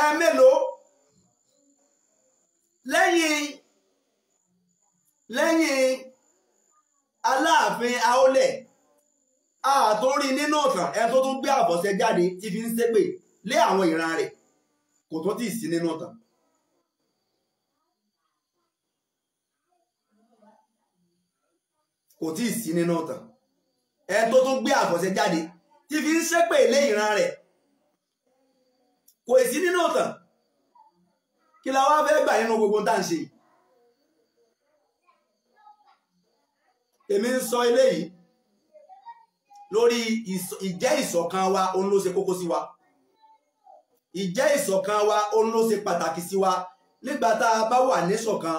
ẹ mélòó lẹ́yìn lẹ́yìn aláàfin aolẹ̀ àtòrí nínú ọ̀tàn ẹ tó tún gbé àbọ̀sẹ̀ jáde tí fi ń ṣépè lé àwọn ìran rẹ̀ kò tó tì sí nínú ọ̀tàn. kò tí ì sí nínú ọ̀tàn ẹ tó tún gbé àbọ̀sẹ̀ jáde tí fi ń ṣépè lé ìran rẹ̀ kò sí nínú ọ̀tàn kí la wá fẹ́ gbà nínú gbogbo tá à ń ṣe èmi ń sọ eléyìí lórí ìjẹ́ ìṣọ̀kan wa òun ló ṣe kókó sí wa ìjẹ́ ìṣọ̀kan wa òun ló ṣe pàtàkì sí wa nígbà bá wà níṣọ̀kan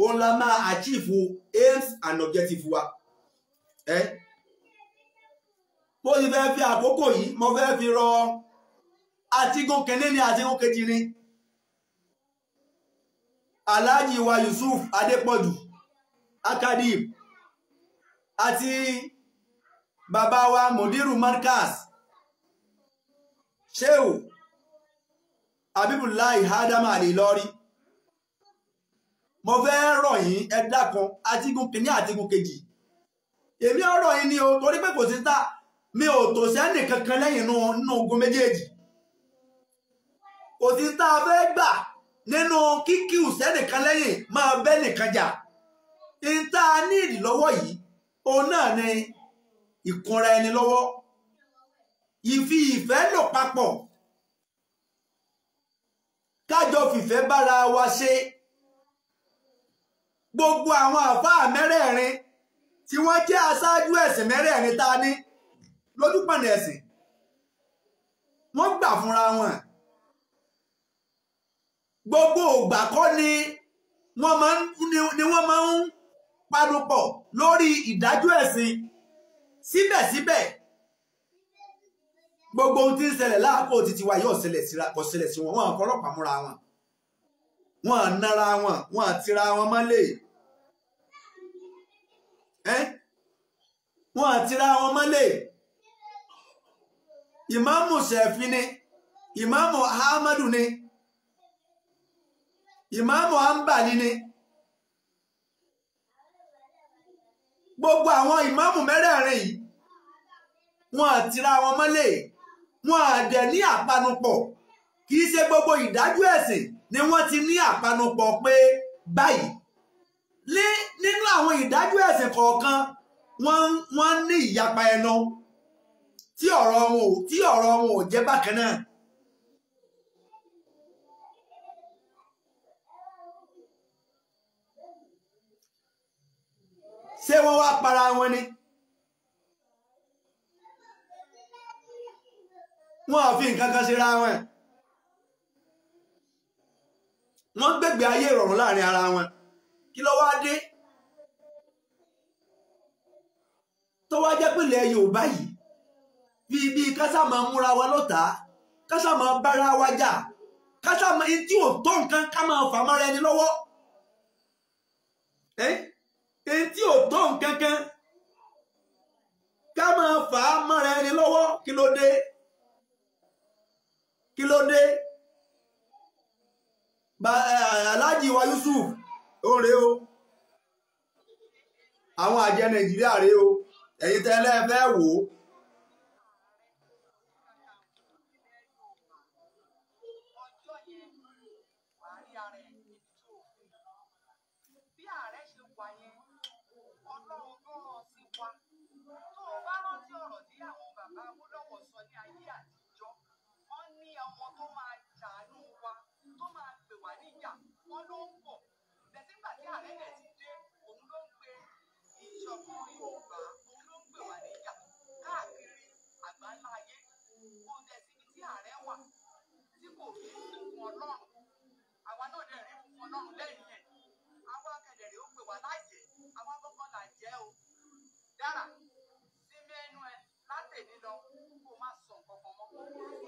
òun la máa achieve aims and objectives wa. Eh? bó ti fẹ́ fi àkókò yìí mo fẹ́ fi rọ àtigún kínní ni àtigún kejì ni alhaji wa yusuf adépọ̀jù akadib àti Baba wa mòdírù Markas, sheu abibulayi hadama alilori mo fẹ́ rọ̀ yín ẹ dákun atigun kìíní àtigun kejì èmi ọ̀rọ̀ yín ni o torí pé kò sí ta mi ò tò sẹ́nì kankan lẹ́yìn nínú ogun méjèèjì kò sí ta fẹ́ gbà nínú kíkí sẹ́nìkan lẹ́yìn máa bẹ́ nìkan jà ìta nídìí lọ́wọ́ yìí òun náà ni ìkúnra ẹni lọ́wọ́ ìfi ìfẹ́ lò papọ̀ kájọ fìfẹ́ bára wa ṣe gbogbo àwọn àfáà mẹ́rẹ̀ẹ̀rin tí wọ́n jẹ́ aṣáájú ẹ̀sìn mẹ́rẹ̀ẹ̀rin ta ní lójúpọ̀nà ẹ̀sìn wọ́n gbà fúnra wọn gbogbo ògbà kọ́ ni wọ́n máa ń padùpọ̀ lórí ìdájọ́ ẹ̀sìn síbẹ̀síbẹ̀ gbogbo ohun tí ń ṣẹlẹ̀ láàkó títí wa yóò ṣẹlẹ̀ sí kò ṣẹlẹ̀ sí wọn wọn kọ́rọ̀pàá múra wọn wọn nara wọn wọn tira wọn mọ́lẹ̀ ẹ́ wọn tira wọn mọ́lẹ̀ ìmáàmù ṣẹ̀fí ni ìmáàmù ahmadu ni ìmáàmù ambali ni. gbogbo àwọn ìmáàmù mẹ́rẹ̀ẹ̀rin yìí wọn àtira wọn mọ́lẹ̀ wọn àdẹ̀ ní àpanupọ̀ kì í ṣe gbogbo ìdájọ́ ẹ̀sìn ni wọ́n ti ní àpanupọ̀ pé báyìí ní nínú àwọn ìdájọ́ ẹ̀sìn kọ̀ọ̀kan wọ́n ní ìyapa ẹnu tí ọ̀rọ̀ wọn ò tí ọ̀rọ̀ wọn ò jẹ́ bákan náà ṣé wọ́n wá para wọn ni. wọ́n á fi nǹkan kan ṣera wọn wọ́n gbẹ̀gbẹ̀ ayé ìrọ̀rùn láàrin ara wọn kí ló wá dé tó wá jẹ́ pé ilẹ̀ Yorùbá yìí bíi bíi kásá máa múra wa lọ́tà kásá máa bára wa jà kásá máa tí ò tó nǹkan ká máa fà mára ẹni lọ́wọ́. Eh? èyí tí ò tó nǹkan kan ká máa fà á mọ́ra ẹni lọ́wọ́ kí ló dé kí ló dé aláàjì wa Yusuf ó rèé o àwọn àjẹ Nàìjíríà rèé o ẹ̀yin tẹ́lẹ̀ fẹ́ wò ó. tó máa jàánú wa tó máa pè wá níjà wọn ló ń bọ̀ bẹ̀sí tí ààrẹ rẹ̀ ti dé òun ló ń pe ìṣọ̀kan Yorùbá òun ló ń pè wá níjà káàkiri àgbáńlá ayé kò dẹ̀ tí ààrẹ wà tí kò rí funfun Ọlọ́run àwa náà dẹ̀ rí funfun Ọlọ́run lẹ́yìn ẹ̀ àwa kẹ̀dẹ̀ ó pè wá láàyè àwa kọ́kọ́ là ń o dára sí mẹ́nu ẹ látẹ̀lé lọ kó má sọ nǹkan kan mọ́.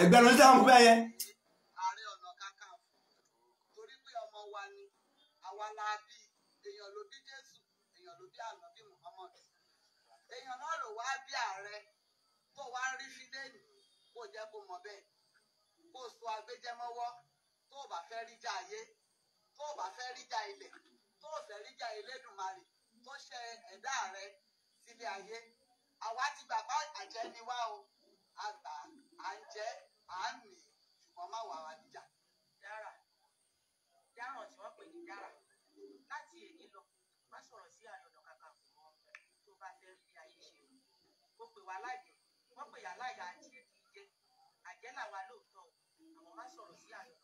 ẹgbẹ́ ló ń sẹ́wọ̀n bẹ́ẹ̀ yẹn. ààrẹ ọ̀nà kakanfò torí pé ọmọ wa ni àwa bí èèyàn ló bí jésù èèyàn ló bí muhammad èèyàn náà ló bí ààrẹ tó o bá rí jà ayé tó bá àwa ti gbàgbọ́ àjẹni wa o àgbà à ń jẹ à ń mì ṣùgbọ́n má wà wá níjà. dára dáràn tí wọ́n pè ní dára láti èyí lọ má sọ̀rọ̀ sí ààrẹ ọ̀nà kakanfò mọ́ tó bá fẹ́ rí ayé ṣe o pè wá láàyè wọ́n pè yà láyà àjẹ kì í jẹ làwa lóòótọ́ àwọn má sọ̀rọ̀ sí ààrẹ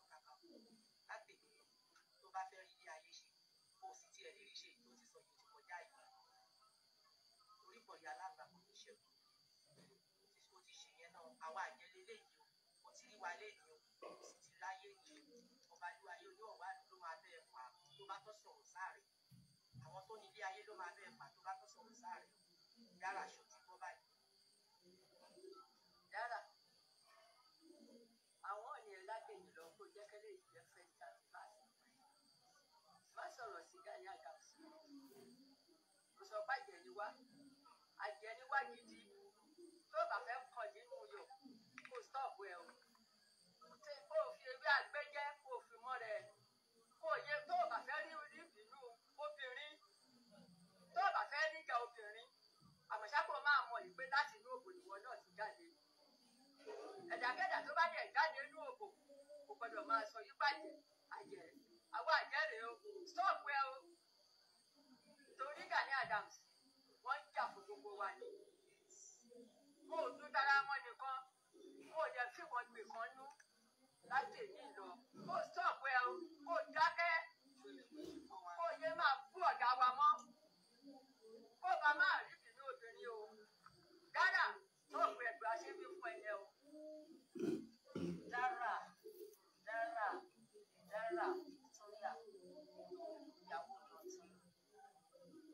olúwa lè ní o títí láyé ìjẹ ọba olúwa yóò ní ọwá ló máa bẹ́ẹ̀ pa tó bá tó sọ̀rọ̀ sáré àwọn tó nílé ayé ló máa bẹ́ẹ̀ pa tó bá tó sọ̀rọ̀ sáré dára ṣojú bọ́ báyìí dára àwọn ènìyàn lágbèjì lọ kó jẹ́kẹ́lẹ́ ìjẹ́ fẹ́ ta má má sọ̀rọ̀ sí gáyà gàmsì kò sọ pàjẹ́ ni wá àjẹ́ níwájú mọ̀ yìí pé láti inú òbò ìwọ náà ti jáde ẹ̀dàkẹ́dà tó bá dẹ̀ jáde inú òbò kò gbọdọ̀ máa sọ yí bàjẹ́ àjẹ́ àwọn àjẹ́ rèé o stop ẹ o torí Gani Adams wọ́n ń jà fún gbogbo wa ni mo ò tún tara wọn nìkan mo ò dẹ̀ fi wọn gbè kan nú láti èyí lọ kó stop ẹ o kó dákẹ́ kó yé máa bú ọ̀gá wa mọ́ kó bá máa rí. dára dára dára tóyà ìyàwó lọ́tún mo fẹ́ fi àsìkò yìí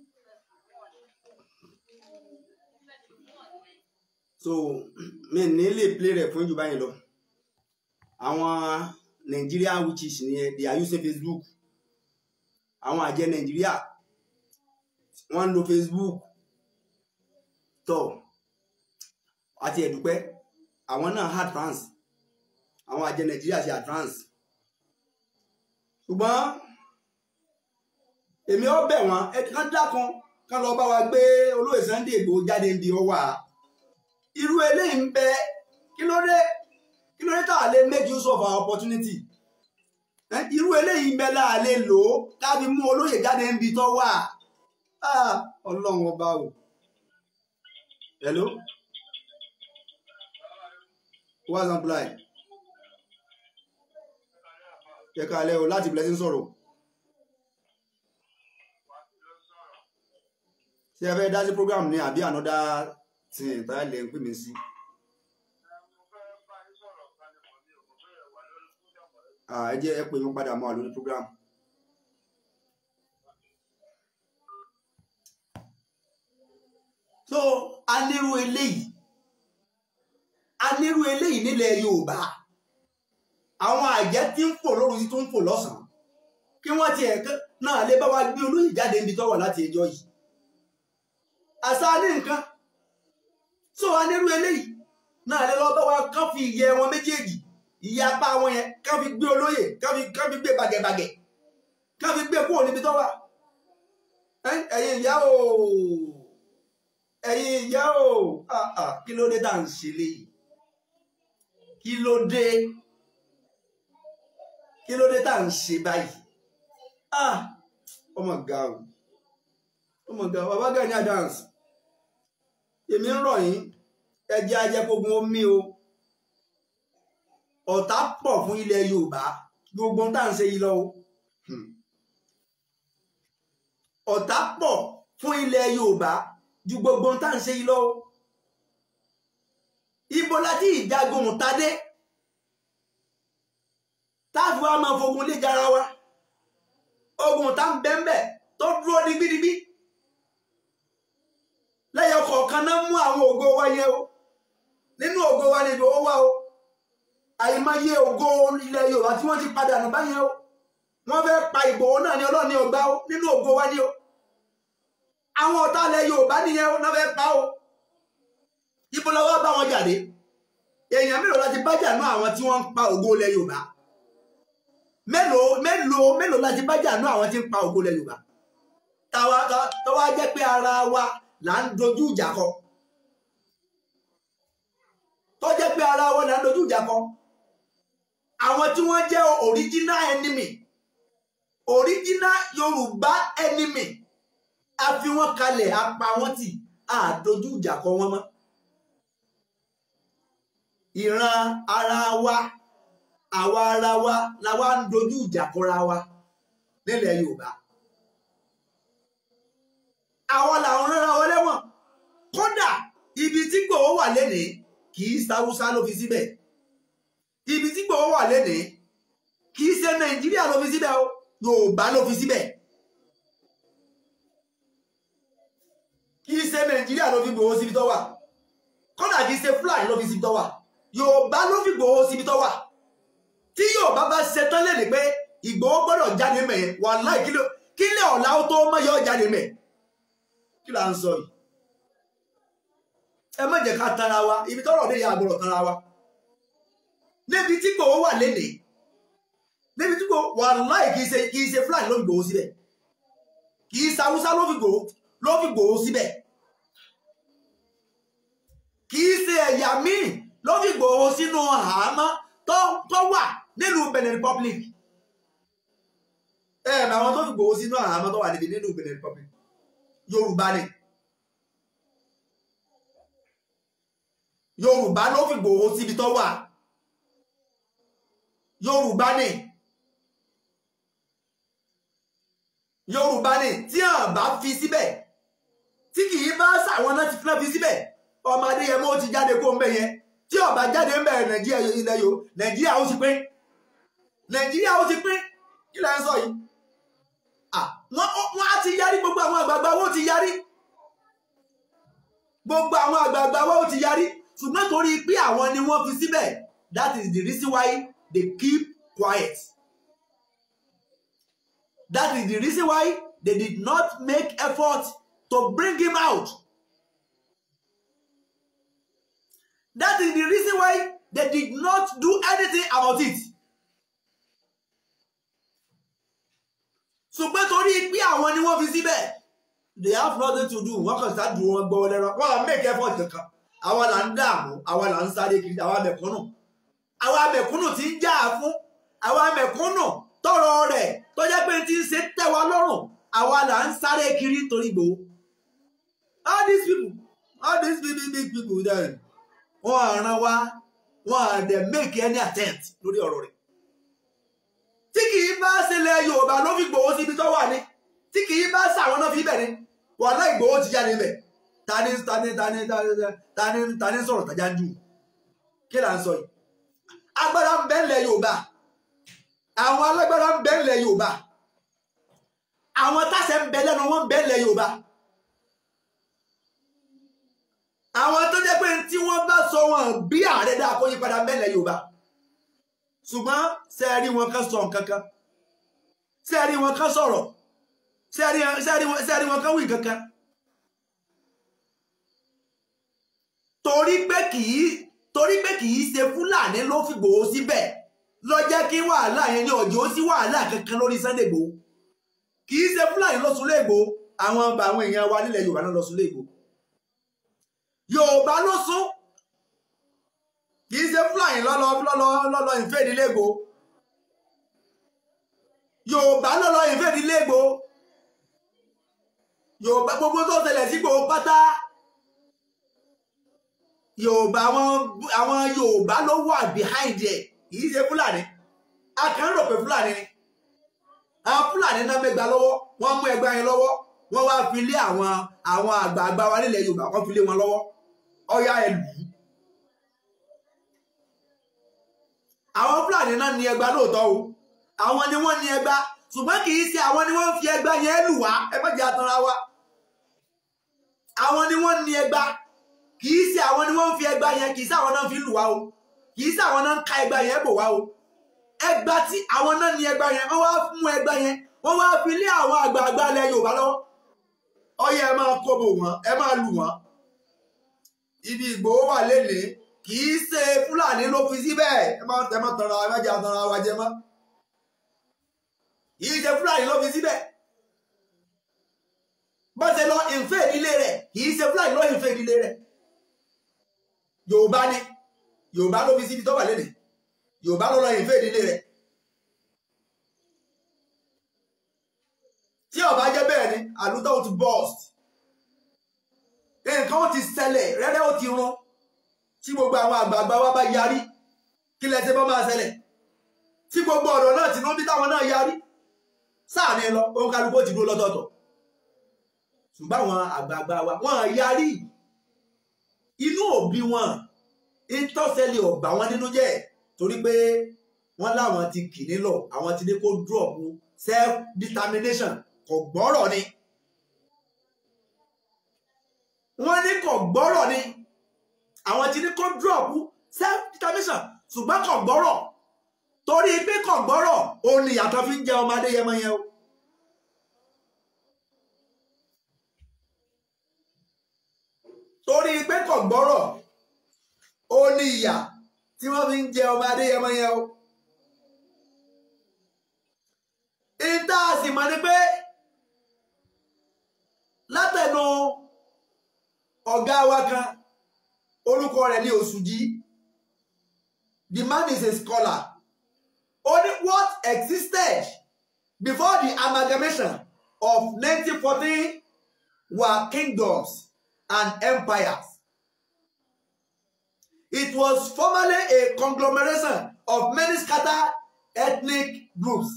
mo fẹ́ fi wọ́n ẹ. so mi ní lè play rẹ̀ fún jù báyìí lọ àwọn Nigeria witches nìyẹn they are using Facebook àwọn àjẹ Nàìjíríà wọ́n ń lo Facebook tọ̀. So, àti ẹ̀dùpẹ́ àwọn náà advance àwọn àjẹ nàìjíríà ṣe advance ṣùgbọ́n èmi ọ bẹ̀ wọ́n ẹ̀kan dákan kan lọ bá wa gbé olóyè Sunday Igboho jáde níbi ọwọ́ a irú eléyìí ń bẹ kí ló dé kí ló dé tá a lè make use of our opportunity irú eléyìí ń bẹ láà lè lò ó láti mú olóyè jáde níbi tó wà ah, ọlọ́run ọba o hello. what's up like ẹ káalẹ́ o láti blessing sọ̀rọ̀ ṣé a fẹ́ dá sí program ni àbí ànádá tí ìtàlẹ̀ lè ń pè mí sí. ẹ jẹ́ ẹ pè mí padà mọ́ àlórí program. so alérò eléyìí anírú eléyìí nílẹ̀ Yorùbá àwọn àjẹ́ tí ń fò lóru tí tó ń fò lọ́sàn-án kí wọ́n ti ẹ̀kọ́ náà lè bá wa gbé olóyè jáde níbi tó wà láti ẹjọ́ yìí àṣà ní nǹkan tó anírú eléyìí náà lè lọ́ọ́ bá wa kán fi ìyẹ wọn méjèèjì ìyapa wọn yẹn kán fi gbé olóyè kán fi kán fi gbé bàgẹ̀bàgẹ̀ kán fi gbé kúrò níbi tó ẹ̀yin ìyá o ẹ̀yin ìyá o kí ló dé tá à ń ṣe léyìí kí ló dé kí ló dé tá à ń ṣe báyìí ah ọmọ ga o ọmọ ga o bàbá Gani Adams èmi ń rọ̀ yín ẹ jẹ́ ajẹ́kógun omi o ọ̀tá pọ̀ fún ilẹ̀ Yorùbá gbogbo tá à ń ṣe yìí lọ o hmm. ọ̀tá pọ̀ fún ilẹ̀ Yorùbá ju gbogbo tá à ń ṣe yìí lọ o. ibo láti ìjagun mùtádé táàfù wa máa fogun ogun tá ń bẹ́ńbẹ́ tó dúró digbídigbí lẹ́yọ kọ̀ọ̀kan na mu àwọn ogo wa yẹ o nínú ògo wa ni ìdòwò wa o àìmọye ògo ilẹ̀ Yorùbá tí wọ́n ti padà nù báyẹn o wọ́n fẹ́ pa Ìgbòho náà ní ọlọ́ọ̀ni ọgbà o Ninu ogo wa ni o àwọn ọ̀tá ilẹ̀ Yorùbá nìyẹn o na fẹ́ pa o. ibo la wá bá wọn jáde èèyàn mélòó láti bá jà àwọn tí wọ́n ń pa ògo ilẹ̀ yorùbá mélòó mélòó mélòó láti bá jà àwọn tí ń pa ògo ilẹ̀ yorùbá tàwa tàwa jẹ́ pé ara wa là ń dojú ìjà kọ tó jẹ́ pé ara wa là ń dojú ìjà kọ àwọn tí wọ́n jẹ́ original enemy original yorùbá enemy a fi wọ́n kalẹ̀ a pa wọ́n tì ìjà kọ wọ́n mọ́ ìran ara wa àwa ara wa la wá ń dojú ìjà kọra wa nílẹ̀ Yorùbá àwọn làwọn rárá wọlé wọn kódà ibi tí Ìgbòho wà lénìí kì í sáwúsá ló fi síbẹ̀ ibi tí Ìgbòho wà lénìí kì í ṣe Nàìjíríà ló fi síbẹ̀ o Yorùbá ló fi síbẹ̀ kì í ṣe Nàìjíríà ló fi Ìgbòho síbi tó wà kódà kì í ṣe Fúlàní ló fi síbi tó wà. ba ló fi gbòho síbi tó wà tí yorùbá bá ṣetán lè ní pé ìgbòho gbọ́dọ̀ jáde mẹ wàhálà ìkílò kílẹ̀ ọ̀la ó tó mọ́ yọ jáde mẹ kí là ń sọ yìí tara wa ibi tọ́rọ̀ dé yà tara wa níbi tí gbòho wà lénìí níbi tí gbòho wàhálà kì í ṣe kì í ṣe fúlàní ló fi gbòho síbẹ̀ kì í ṣe ló fi gbòho síbẹ̀ kì í ló fi Ìgbòho sínú àhámọ́ tó tó wà nílùú Benin Republic ẹ ẹ àwọn tó fi Ìgbòho sínú àhámọ́ tó wà níbi nílùú Benin Republic Yorùbá ni Yorùbá ló fi Ìgbòho síbi tó wà Yorùbá ni. Yorùbá ni tí à bá fi síbẹ̀ tí kì í bá sàwọn náà ti fi síbẹ̀ ọmọ Adéyẹmọ ó ti jáde kó ń bẹ̀ yẹn tí ọba jáde ń bẹ̀rẹ̀ nàìjíríà ilẹ̀ yòó nàìjíríà ó ti pín nàìjíríà ó ti pín kí lẹ́ sọ yìí wọ́n á ti yarí gbogbo àwọn àgbààgbà owó ti yarí gbogbo àwọn àgbààgbà owó ti yarí ṣùgbọ́n torí pé àwọn ni wọ́n fi síbẹ̀ that is the reason why they keep quiet that is the reason why they did not make effort to bring him out That is the reason why they did not do anything about it. ṣùgbọ́n torí pé àwọn ni wọ́n fi síbẹ̀ they have nothing to do wọ́n kàn ṣáàdùn wọn gbọ́ lẹ́rọ wọ́n á make effort kankan àwa là ń dààmú àwa là ń sáré kiri àwa mẹ̀kúnnù àwa mẹ̀kúnnù ti ń jà fún àwa mẹ̀kúnnù tọrọ rẹ̀ tó jẹ́ pé ti ń ṣe tẹ́ wa lọ́rùn àwa là ń sáré kiri torí gbòó all these people all these big big big people there wọn à ràn wá wọn à dẹ̀ make any attempt lórí ọ̀rọ̀ rẹ̀ tí kì í bá ṣẹlẹ̀ Yorùbá ló fi Ìgbòho síbi tó wà ní tí kì í bá ṣàwọn náà fi bẹ̀rẹ̀ wàhálà Ìgbòho ti jáde bẹ̀ tani tani tani tani tani sọ̀rọ̀ tàjà jù kí là ń sọ yìí agbára ń bẹ ńlẹ̀ Yorùbá àwọn alágbára ń bẹ ńlẹ̀ Yorùbá àwọn táṣẹ ń bẹ lẹ́nu wọn ń bẹ ńlẹ̀ Yorùbá àwọn tó jẹ́ pé tí wọ́n bá sọ wọn bí ààrẹ dáa kó yí padà mẹ́lẹ̀ yorùbá ṣùgbọ́n ṣe rí wọn kan sọ nǹkan kan ṣe rí wọn kan sọ̀rọ̀ ṣe rí wọn kan wí nǹkan kan torí pé kì í torí pé kì í ṣe fúlàní ló fi gbòó síbẹ̀ ló jẹ́ kí wàhálà yẹn ní ọ̀jọ́ sí wàhálà kankan lórí Sunday Igboho kì í ṣe fúlàní ló sún àwọn ọba èèyàn wa nílẹ̀ yorùbá náà lọ sún yorùbá ló sún kì í ṣe fúlàní lọ́lọ́ lọ́lọ́ lọ́lọ́ ìfẹ́dílẹ́gbò yorùbá lọ́lọ́ ìfẹ́dílẹ́gbò yorùbá gbogbo tó ṣẹlẹ̀ sígbò pátá yorùbá àwọn yorùbá ló wà behind ẹ̀ kì í ṣe fúlàní a kàn ń rò pé fúlàní ni àwọn fúlàní náà mẹ́gbàá lọ́wọ́ wọ́n mú ẹgbàá yẹn lọ́wọ́ wọ́n wá fi lé àwọn àwọn àgbààgbà wa nílẹ̀ yorùbá wọ́n fi lé wọn lọ́wọ́ ọ̀yá ẹ̀lú. àwọn fúlàní náà ní ẹgbà lóòótọ́ o àwọn ni wọ́n ní ẹgbà ṣùgbọ́n kì í ṣe àwọn ni wọ́n fi ẹgbà yẹn lù wá ẹ má jẹ́ atanra wa àwọn ni wọ́n ní ẹgbà kì í ṣe àwọn ni wọ́n fi ẹgbà yẹn kì í ṣe àwọn náà fi lù wá o kì í ṣe àwọn náà ń ka ẹgbà yẹn bò wá o ẹgbà tí àwọn náà ní ẹgbà yẹn wọ́n wá fún ẹgbà yẹn wọ́n wá fi lé àwọn àgbààgbà ilẹ̀ Yorùbá ọyẹ ẹ máa kọ́bọ̀ wọn ẹ máa lù wọn ibi Ìgbòho wà lénìí kì í ṣe Fúlàní ló fi síbẹ̀ ẹ má tẹ má tanra ẹ má jẹ àtàrà wa jẹ mọ́ kì í ṣe Fúlàní ló fi síbẹ̀ bó ṣe lọ ìfẹ́ ìdílé rẹ̀ kì í ṣe Fúlàní ló ìfẹ́ ìdílé rẹ̀ Yorùbá ni Yorùbá ló fi síbi tó wà lénìí Yorùbá ló lọ ìfẹ́ ìdílé rẹ̀. tí ọba jẹ́ bẹ́ẹ̀ ni àlùtọ́ ti bọ́ọ̀sì nǹkan ó ti ṣẹlẹ̀ rẹ́rẹ́ ó ti rún tí gbogbo àwọn àgbààgbà wa bá yarí kí lẹ ṣe bọ́ máa ṣẹlẹ̀ tí gbogbo ọ̀rọ̀ náà tìǹbù bí táwọn náà yarí sáàrin lọ òun kálukú ó ti dúró lọ́tọ̀ọ̀tọ̀ ṣùgbọ́n àwọn àgbààgbà wa wọ́n yarí inú òbí wọn ìtọ́sẹ̀lẹ̀ ọ̀gbà wọn nínú jẹ́ torí pé wọ́n láwọn ti kì nílọ̀ àwọn ti ní kó dúrọ̀pù self determination kò gbọ́rọ̀ ni wọ́n ní kò gbọ́rọ̀ ni àwọn ti ní kó drop self determination ṣùgbọ́n kò gbọ́rọ̀ torí pé kò gbọ́rọ̀ òun ni ìyàtọ̀ fi ń jẹ ọmọ adéyẹmọ yẹn o. torí pé kò gbọ́rọ̀ òun ni ìyà tí wọ́n fi ń jẹ ọmọ adéyẹmọ yẹn o. ìta sì mọ̀ ni pé látẹnu ọ̀gá wa kan orúkọ rẹ̀ ní Òṣùjí the man is a scholar only what existed before the amalgamation of 1914 were kingdoms and empires it was formerly a conglomeration of many scattered ethnic groups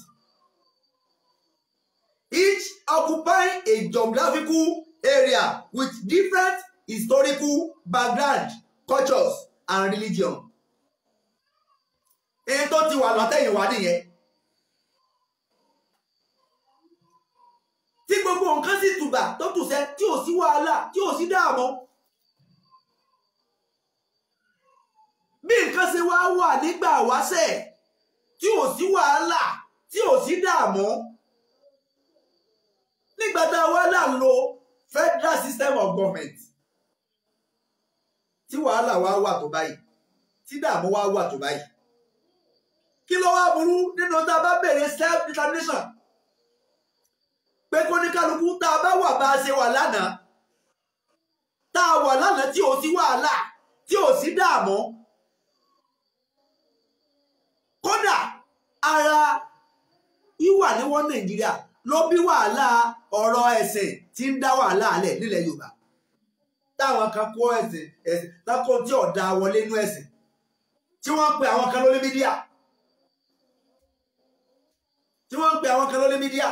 each occupying a geographical area with different historical background cultures and religion. èyí tó ti wà látẹ̀yìnwá nìyẹn. tí gbogbo nǹkan sì tùbà tó tùsẹ́ tí ò sí wàhálà tí ò sí dààmú. bí nǹkan ṣe wá wà nígbà wáṣẹ̀ tí ò sí wàhálà tí ò sí dààmú. nígbà tá a wá là ń lo federal system of government tí wàhálà wa wà tó báyìí tí dààmú wa wà tó báyìí kí ló wá burú nínú tá a bá bẹ̀rẹ̀ self determination pé kó ní kálukú tá a bá wà bá a ṣe wà lánàá tá a wà lánàá tí ò sí wàhálà tí ò sí dààmú kódà ara wíwà níwọ̀n Nàìjíríà ló bí wàhálà ọ̀rọ̀ ẹ̀sìn tí ń dá wàhálà alẹ̀ nílẹ̀ Yorùbá táwọn kan kó ẹ̀sìn ẹ̀sìn lákò tí ọ̀dà wọlé nú ẹ̀sìn tí wọ́n pe àwọn kan lólé mídíà tí wọ́n pe àwọn kan lólé mídíà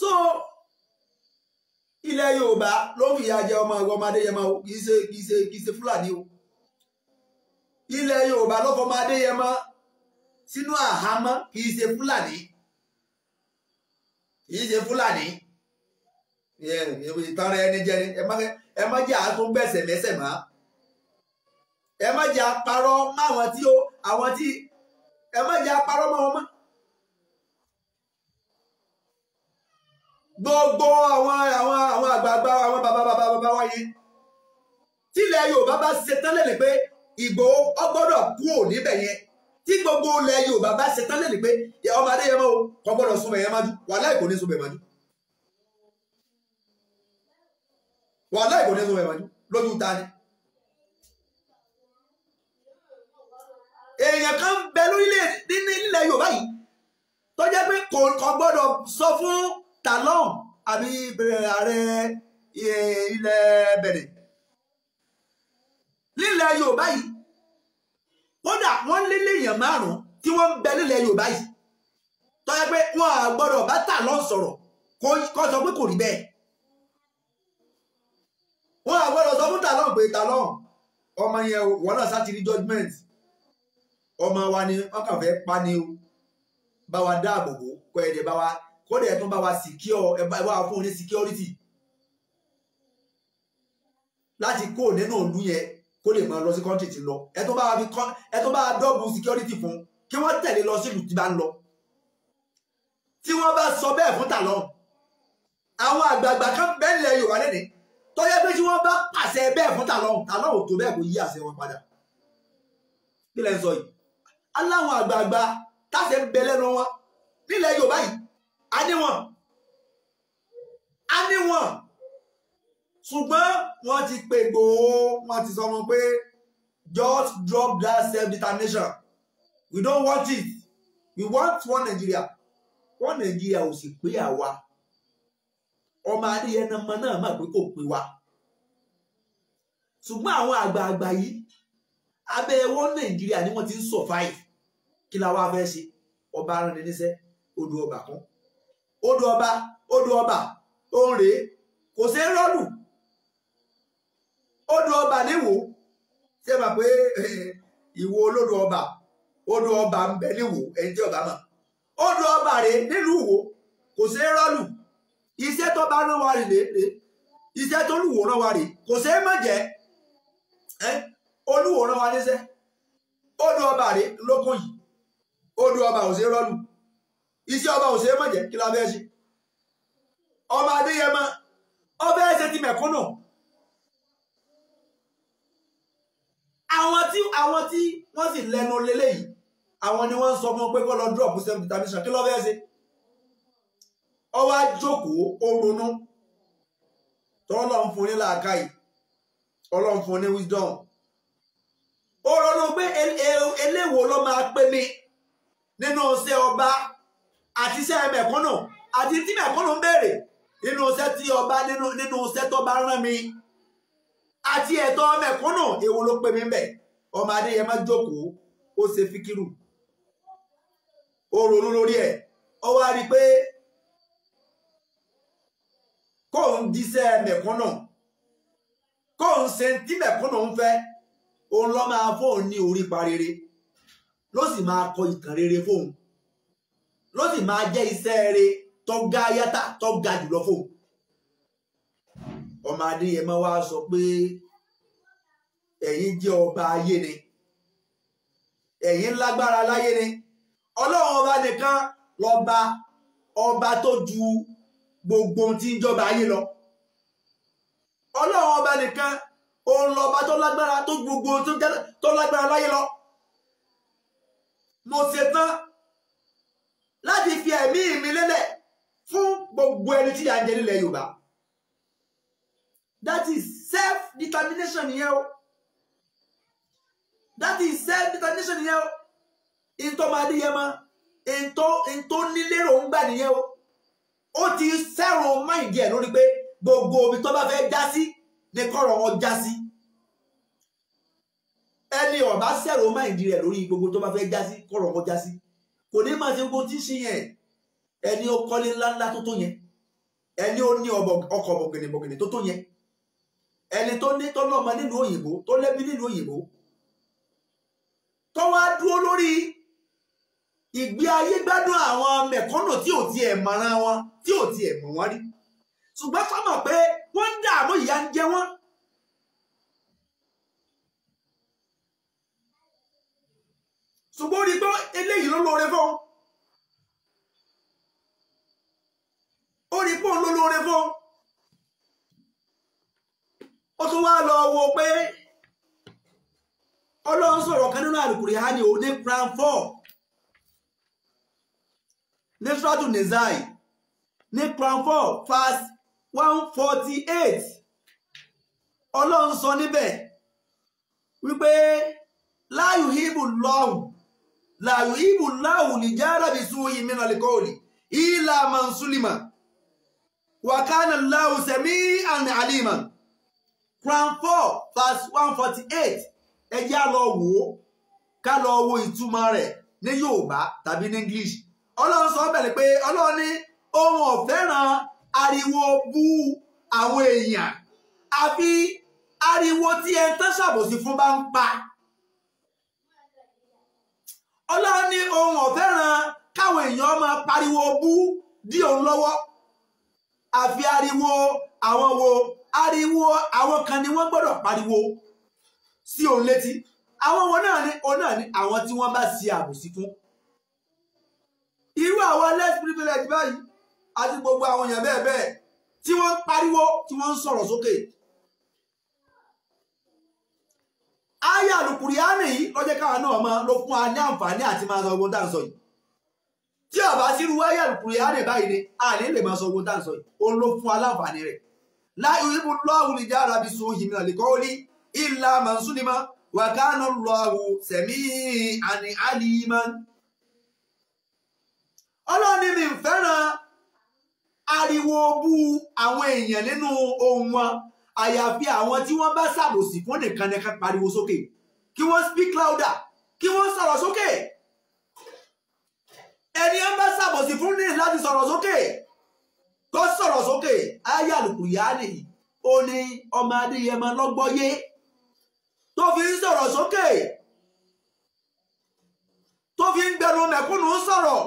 so ilẹ̀ Yorùbá ló ń fìyà jẹ ọmọ ọmọ Adéyẹmọ o kì í ṣe kì í ṣe kì í ṣe Fúlàní o ilẹ̀ Yorùbá ló fọmọ Adéyẹmọ sínú àhámọ́ kì í ṣe Fúlàní kì í ṣe Fúlàní ìtara ẹni jẹni ẹ má jẹ́ àtún gbẹ̀sẹ̀ mẹ́sẹ̀ má ẹ má jẹ́ àparọ́ máwọn tí ó àwọn tí ẹ má jẹ́ àparọ́ máwọn mọ́. gbogbo àwọn àwọn àwọn àgbààgbà àwọn bàbá bàbá bàbá wa yìí tílẹ̀ Yorùbá bá ṣe tán lẹ́nu pé Ìgbòho ọgbọ́dọ̀ kú ò níbẹ̀ yẹn tí gbogbo ilẹ̀ Yorùbá bá ṣe tán lẹ́nu pé ọmọ Adéyẹmọ kò gbọ́dọ̀ súnmọ́ ẹ̀yẹ májú wàhálà ìkò ní súnmọ́ ẹ̀ wọ́n láì kò ní sọ ìwájú lójú ta ni. èèyàn kan bẹ lórílẹ̀ nílẹ̀ Yorùbá yìí tó jẹ́ pé kò gbọ́dọ̀ sọ fún talon àbí eh, ààrẹ eh, ilẹ̀ bẹ̀rẹ̀ nílẹ̀ Yorùbá yìí kódà wọ́n lé léèyàn márùn-ún tí wọ́n ń bẹ nílẹ̀ Yorùbá yìí tó jẹ́ pé wọ́n á gbọ́dọ̀ bá talon sọ̀rọ̀ kó sọ pé kò rí bẹ́ẹ̀ wọn àgbọ̀dọ̀ sọ fún talon pé talon ọmọ yẹn wọn náà sátìrí judgement ọmọ wa ni wọn kàn fẹ́ pa ni o bá wa dáàbò bò kọ ẹ̀ dẹ̀ bá wa kódà ẹ̀ tún bá wa secure ẹ̀ bá wa fún ní security láti kó nínú òlu yẹn kó lè máa lọ sí kọ́ńtì tí lọ ẹ̀ tún bá wa fi kọ́ ẹ̀ tún bá wa dọ́ọ̀bù security fún kí wọ́n tẹ̀lé lọ sílùú tí bá ń lọ tí wọ́n bá sọ bẹ́ẹ̀ fún tàlọ́n àwọn àgbààgbà kan bẹ́ẹ̀ lẹ Yorùbá lẹ́nìí tọ́jẹ́ pé tí wọ́n bá pàṣẹ bẹ́ẹ̀ fún tàlọ́hùn tàlọ́hùn tó bẹ́ẹ̀ kò yí àṣẹ wọn padà kí lẹ́ ń sọ yìí aláwọn àgbààgbà táṣẹ ń bẹ lẹ́nu wọn nílẹ̀ Yorùbá yìí a ní wọn a ní wọn ṣùgbọ́n wọ́n ti pè gbòó wọ́n ti sọ wọn pé just drop that self determination we don't want it we want one Nigeria one Nigeria ò sì pé àwa ọmọ adéyẹnà mọ náà mọ̀ pé kò pè wá ṣùgbọ́n àwọn àgbààgbà yìí abẹ́ wọn nàìjíríà ni wọ́n ti ń survive kí la wáá fẹ́ ṣe ọba aránni níṣẹ́ odò ọba kan odò ọba odò ọba òun rèé kò ṣe é rọ́ọ̀lù odò ọba níwò ṣé mà pé ìwò olódò ọba odò ọba ń bẹ níwò ẹni tí ọba mọ̀ odò ọba rèé nílùú Ìwó kò ṣe é rọ́ọ̀lù iṣẹ́ tó bá rán wa rè lé iṣẹ́ tó lùwò rán wa rè kò ṣeé má jẹ́ olúwo rán wa léṣẹ́ odò ọba rè lókun yìí odò ọba ò ṣeé rọ́lù iṣẹ́ ọba ò ṣeé má jẹ́ kí la fẹ́ ṣe ọba adéyẹmọ ọba ẹsẹ ti mẹ̀kúnnù àwọn tí àwọn tí wọ́n sì lẹ́nu lélẹ́yìí àwọn ni wọ́n ń sọ fún ọ pé kó lọ drop self determination kí ló fẹ́ ṣe ọ wá jókòó ó ronú tọ́lọ́n fún ní làákàyè ọlọ́n fún ní wisdom ó ronú pé eléwo ló máa pè mí nínú iṣẹ́ ọba àti iṣẹ́ mẹ̀kúnnù àti tí mẹ̀kúnnù ń béèrè nínú iṣẹ́ tí ọba nínú iṣẹ́ tó bá rán mi àti ẹ̀tọ́ mẹ̀kúnnù èwo ló pè mí ń bẹ̀ ọmọ má jókòó ó ṣe fíkírù ó ronú lórí ẹ̀ ó wá rí i pé kó o ń jíṣẹ́ mẹ̀kúnnù kó o ń ṣe tí mẹ̀kúnnù ń fẹ́ òun lọ máa fóun ní orí pa rere ló sì máa kọ ìtàn rere fóun ló sì máa jẹ́ iṣẹ́ rere tó ga yàtà tó ga jùlọ fóun ọmọ adéyẹmọ wa sọ pé ẹ̀yin jẹ́ ọba ayé ni ẹ̀yin lágbára láyé ni ọlọ́run ọba nìkan lọ́ba ọba tó ju gbogbo ohun tí ń jọba ayé lọ ọlọ́run ọba nìkan òun lọ́ba tó lágbára tó gbogbo ohun tó lágbára láyé lọ mo ṣetán láti fi ẹ̀mí mi lélẹ̀ fún gbogbo ẹni tí à jẹ nílẹ̀ yorùbá that is self determination yẹn o that is self determination yẹn o ntọ́ máa dí yẹn mọ́ ntọ́ ntọ́ nílérò gbà nìyẹn o ó ti sẹ́rọ máìdí ẹ̀ lórí pé gbogbo omi tó bá fẹ́ já sí ni kọ́rọ̀ wọn já sí ẹni ọ̀bá sẹ́rọ máìdí rẹ̀ lórí gbogbo tó bá fẹ́ já sí kọ́rọ̀ wọn já sí kò ní máa ṣe gbogbo tí ń ṣe yẹn ẹni ó kọ́lé ńláńlá tó tó yẹn ẹni ó ní ọkọ̀ bọ̀gìnìbọ̀gìnì tó tó yẹn ẹni tó ní tọ́lọ́mọ nílùú òyìnbó tó lẹ́bí nílùú òyìnbó tó wá dúró lórí ìgbé ayé gbádùn àwọn mẹ̀kọ́nà tí ò tiẹ̀ mọ̀ràn wọn tí ò tiẹ̀ mọ̀ wọ́n rí ṣùgbọ́n sọ́mọ̀ pé wọ́n ń dààmú ìyà ń jẹ wọ́n. ṣùgbọ́n ó rí i pé eléyìí ló lóore fún un ó rí i pé òun ló lóore fún un ó tún wá lọ wo pé ọlọ́run sọ̀rọ̀ kan nínú àlùkùránì òní plan four ní sọ́tù nìsáì ní crown four verse one forty eight ọlọ́run sọ níbẹ̀ wípé láyù híbù lọ́hùn láyù híbù láhùn ní járàbí súnwòye mìíràn lẹ́kọ́ọ̀lì ìlà mọ̀nsúlìmà wàkánà láhùn sẹ̀mí àmì àlìmà crown four verse one forty eight ẹjẹ́ á ká lọ ìtumọ̀ rẹ̀ ní Yorùbá tàbí ní English ọlọ́run sọ bẹ̀rẹ̀ pé ọlọ́run ní ohun ọ̀fẹ́ràn ariwo bú àwọn èèyàn àfi ariwo tí ẹ tán ṣàbòsí fún bá ń pa ọlọ́run ní ohun ọ̀fẹ́ràn káwọn èèyàn máa pariwo bú dí òun lọ́wọ́ àfi ariwo àwọn wo ariwo àwọn kan ni wọ́n gbọ́dọ̀ pariwo sí òun létí àwọn wo náà ni òun náà ni àwọn tí wọ́n bá ṣe àbòsí fún àwa less privilege báyìí àti gbogbo àwọn èèyàn bẹ́ẹ̀ bẹ́ẹ̀ tí wọ́n ń pariwo tí wọ́n ń sọ̀rọ̀ sókè. ayé àlùkùránì yìí lọ́jọ́ káwa náà mọ ló fún wa ní àǹfààní àti máa sọ ogun tá à ń sọ yìí tí àbá sírú ayé àlùkùránì báyìí ni a ní lè máa sọ ogun tá à ń sọ yìí òun ló fún wa láǹfààní rẹ̀ láyé ìbú lọ́hùn ìjà arabi sun ìmìnà lẹ́kọ́ ó ní ìlà màsúlímà wàkánù lọ́hùn sẹ̀mí àní àlìmọ́ ọlọ́run ní mi fẹ́ràn ariwo bú àwọn èèyàn nínú ohun wọn àyàfi àwọn tí wọ́n bá ṣàbòsí fún nìkan ní ká pariwo sókè kí wọ́n speak louder kí wọ́n sọ̀rọ̀ sókè ẹni ẹ bá ṣàbòsí fún ní láti sọ̀rọ̀ sókè tó sọ̀rọ̀ sókè ayé àlùkù yá nìyí ó ní ọmọ adéyẹmọ lọ́gbọ́yé tó fi ń sọ̀rọ̀ sókè tó fi ń gbẹnu mẹ̀kúnnù sọ̀rọ̀.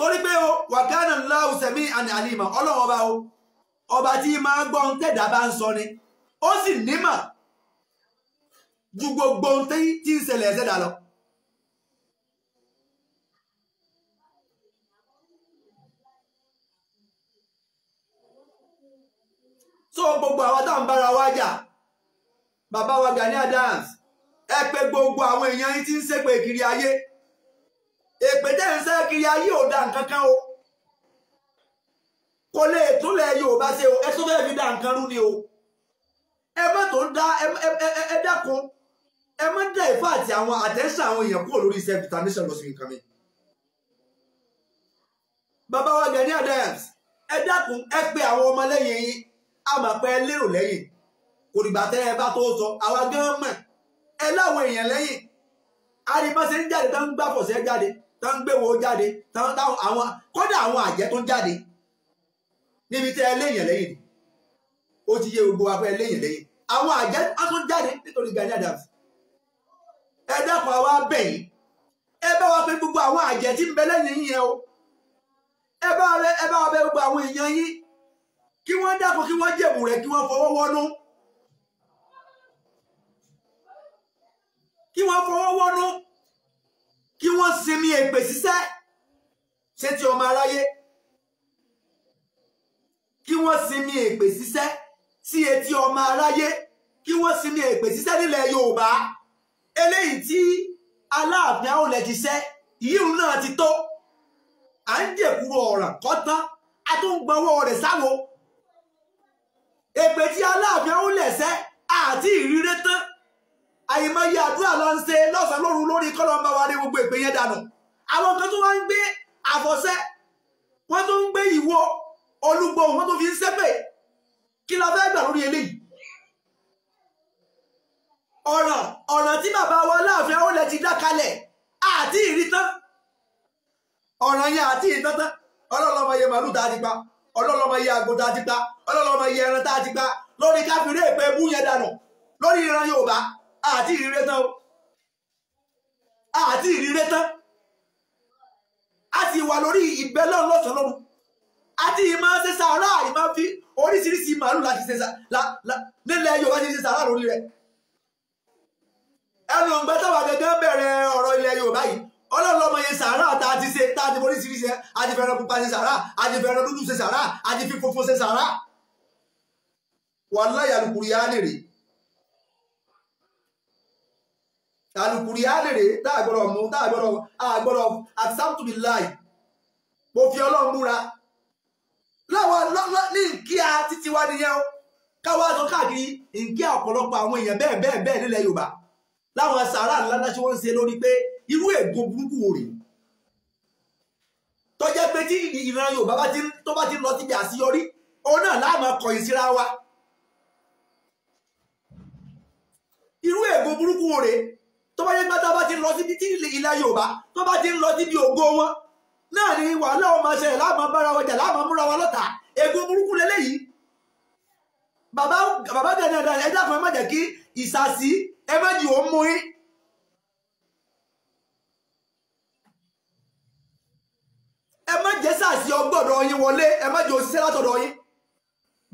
torí pé o wàkánà láwù sẹ̀mí àni àlìmọ̀ ọlọ́run ọba o ọba tí máa gbọ́ ohun tẹ̀dá bá ń sọ ni ó sì nímọ̀ ju gbogbo ohun tí ń ṣẹlẹ̀ ẹ̀ṣẹ̀dá lọ. so gbogbo àwọn tá à ń bára wa jà bàbá wa Gani Adams ẹ pé gbogbo àwọn èèyàn yín tí ń ṣépè kiri ayé èpè tẹ́ ń sẹ́ kiri ayé ò da nǹkan kan o kò lè túnlẹ̀ Yorùbá ṣe o ẹ tún fẹ́ fi da nǹkan rú ni o ẹ má tó ń dá ẹ dákun ẹ má dá ìfọ́ àti àwọn àtẹ́sán àwọn èèyàn kúrò lórí self determination lọ nǹkan mi. bàbá wa Gani Adams ẹ dákun ẹ pe àwọn ọmọlẹ́yìn yín a máa pẹ́ lérò lẹ́yìn kò dìgbà tẹ́ ẹ bá tó sọ àwa gan mọ̀ ẹ láwọn èèyàn lẹ́yìn àdìbọ́sẹ̀ ń jáde tó ń gbàpọ̀ jáde tó ń gbéwo jáde àwọn kódà àwọn àjẹ́ tó ń jáde níbi tẹ́ ẹlẹ́yìn lẹ́yìn ó ti yé gbogbo apẹ́ ẹlẹ́yìn lẹ́yìn àwọn àjẹ́ tó ń jáde nítorí Gani Adams ẹ dákun àwa bẹ̀yìn ẹ bá wa pé gbogbo àwọn àjẹ́ tí ń bẹ lẹ́yìn yín yẹn o ẹ bá wa bẹ gbogbo àwọn èèyàn yín kí wọ́n dákun kí wọ́n jẹ̀bù rẹ̀ kí wọ́n fọwọ́ wọ́nú. kí wọ́n fọwọ́ wọ́nú kí wọ́n sinmi èpè ṣiṣẹ́ ṣé ti ọmọ aráyé kí wọ́n sinmi èpè ṣiṣẹ́ sí etí ọmọ aráyé kí wọ́n sinmi èpè ṣiṣẹ́ nílẹ̀ Yorùbá eléyìí tí Aláàfin Awólẹ́ṣiṣẹ́ yíyún náà ti tó à ń jẹ̀kú ọ̀ràn kọ́tán a tún gbọ́wọ́ rẹ̀ sáwo èpè tí Aláàfin Awólẹ́ṣẹ́ àti ìrírẹ́ tán àyèmáyé àdúrà la ń ṣe lọ́sàn-án lóru lórí kọ́lọ́mbà wa ní gbogbo ìpè yẹn dànù àwọn kan tó wá ń gbé àfọ̀ṣẹ wọ́n tó ń gbé ìwo olúgbòhùn wọ́n tó fi ń ṣépè kí la fẹ́ gbà lórí eléyìí ọ̀ràn ọ̀ràn tí bàbá wa láàfin ọ̀lẹ̀ ti dá kalẹ̀ àti ìrítán ọ̀ràn yẹn àti ìrítán ọlọ́lọ́mọ yẹ màlúù tá a ti pa ọlọ́lọ́mọ yẹ àgbò tá a ti pa ọlọ́lọ́mọ yẹ ẹran tá a ti pa lórí káfíńrẹ́ ìpẹ́ bú yẹn dànù lórí ìran Yorùbá àti ìrírẹ́ tán o àti ìrírẹ́ tán a ti wà lórí ìbẹ́ lọ́run lọ́sàn-án lọ́run àti ìmọ̀ ṣe sàárà ìmọ̀ fi oríṣiríṣi màálù láti ṣe sàárà nílẹ̀ Yorùbá ti ṣe sàárà lórí rẹ̀ ẹnu ọgbẹ́ táwa gẹ́gẹ́ bẹ̀rẹ̀ ọ̀rọ̀ ilẹ̀ Yorùbá yìí ọlọ́run ọmọ yẹn sàárà tá a ti ṣe tá a ti oríṣiríṣi a ti fẹ́ràn pupa ṣe sàárà a fẹ́ràn dúdú ṣe sàárà a ti ṣe sàárà wàhálà yàlùkùrù yá nìrèé alukuri alèrè dáàgbọ́dọ̀ mú dáàgbọ́dọ̀ àgbọ́dọ̀ àtisàmùtùbíláì mo fi ọlọ́run búra láwọn lọ́lọ́ ní nkíá títí wá nìyẹn káwá tó káàkiri nkíá ọ̀pọ̀lọpọ̀ àwọn èèyàn bẹ́ẹ̀ bẹ́ẹ̀ bẹ́ẹ̀ nílẹ̀ yorùbá láwọn sàárà ńláńlá tí wọ́n ń ṣe lórí pé irú ègbò burúkú wò rèé tó jẹ́ pé tí ìran yorùbá tó bá ti lọ síbi àṣeyọrí òun náà láàmú ọkọ̀yìn síra wa irú ègbò burúkú wò rèé tó bá yẹ gbá tá a bá ti lọ síbi tí ilẹ̀ Yorùbá tó bá ti ń lọ síbi ògo wọn náà ni wàhálà ọmọ ṣẹlẹ̀ láàmú bára wọn jà láàmú múra wọn lọ́tà ègún burúkú lélẹ́yìí bàbá bàbá dandan ẹ dákun ẹ má jẹ́ kí ìsàsí ẹ má jì ó mú yín. ẹ má jẹ́ sàsí ọgbọ́dọ̀ yín wọlé ẹ má jẹ́ òṣìṣẹ́ látọ̀dọ̀ yín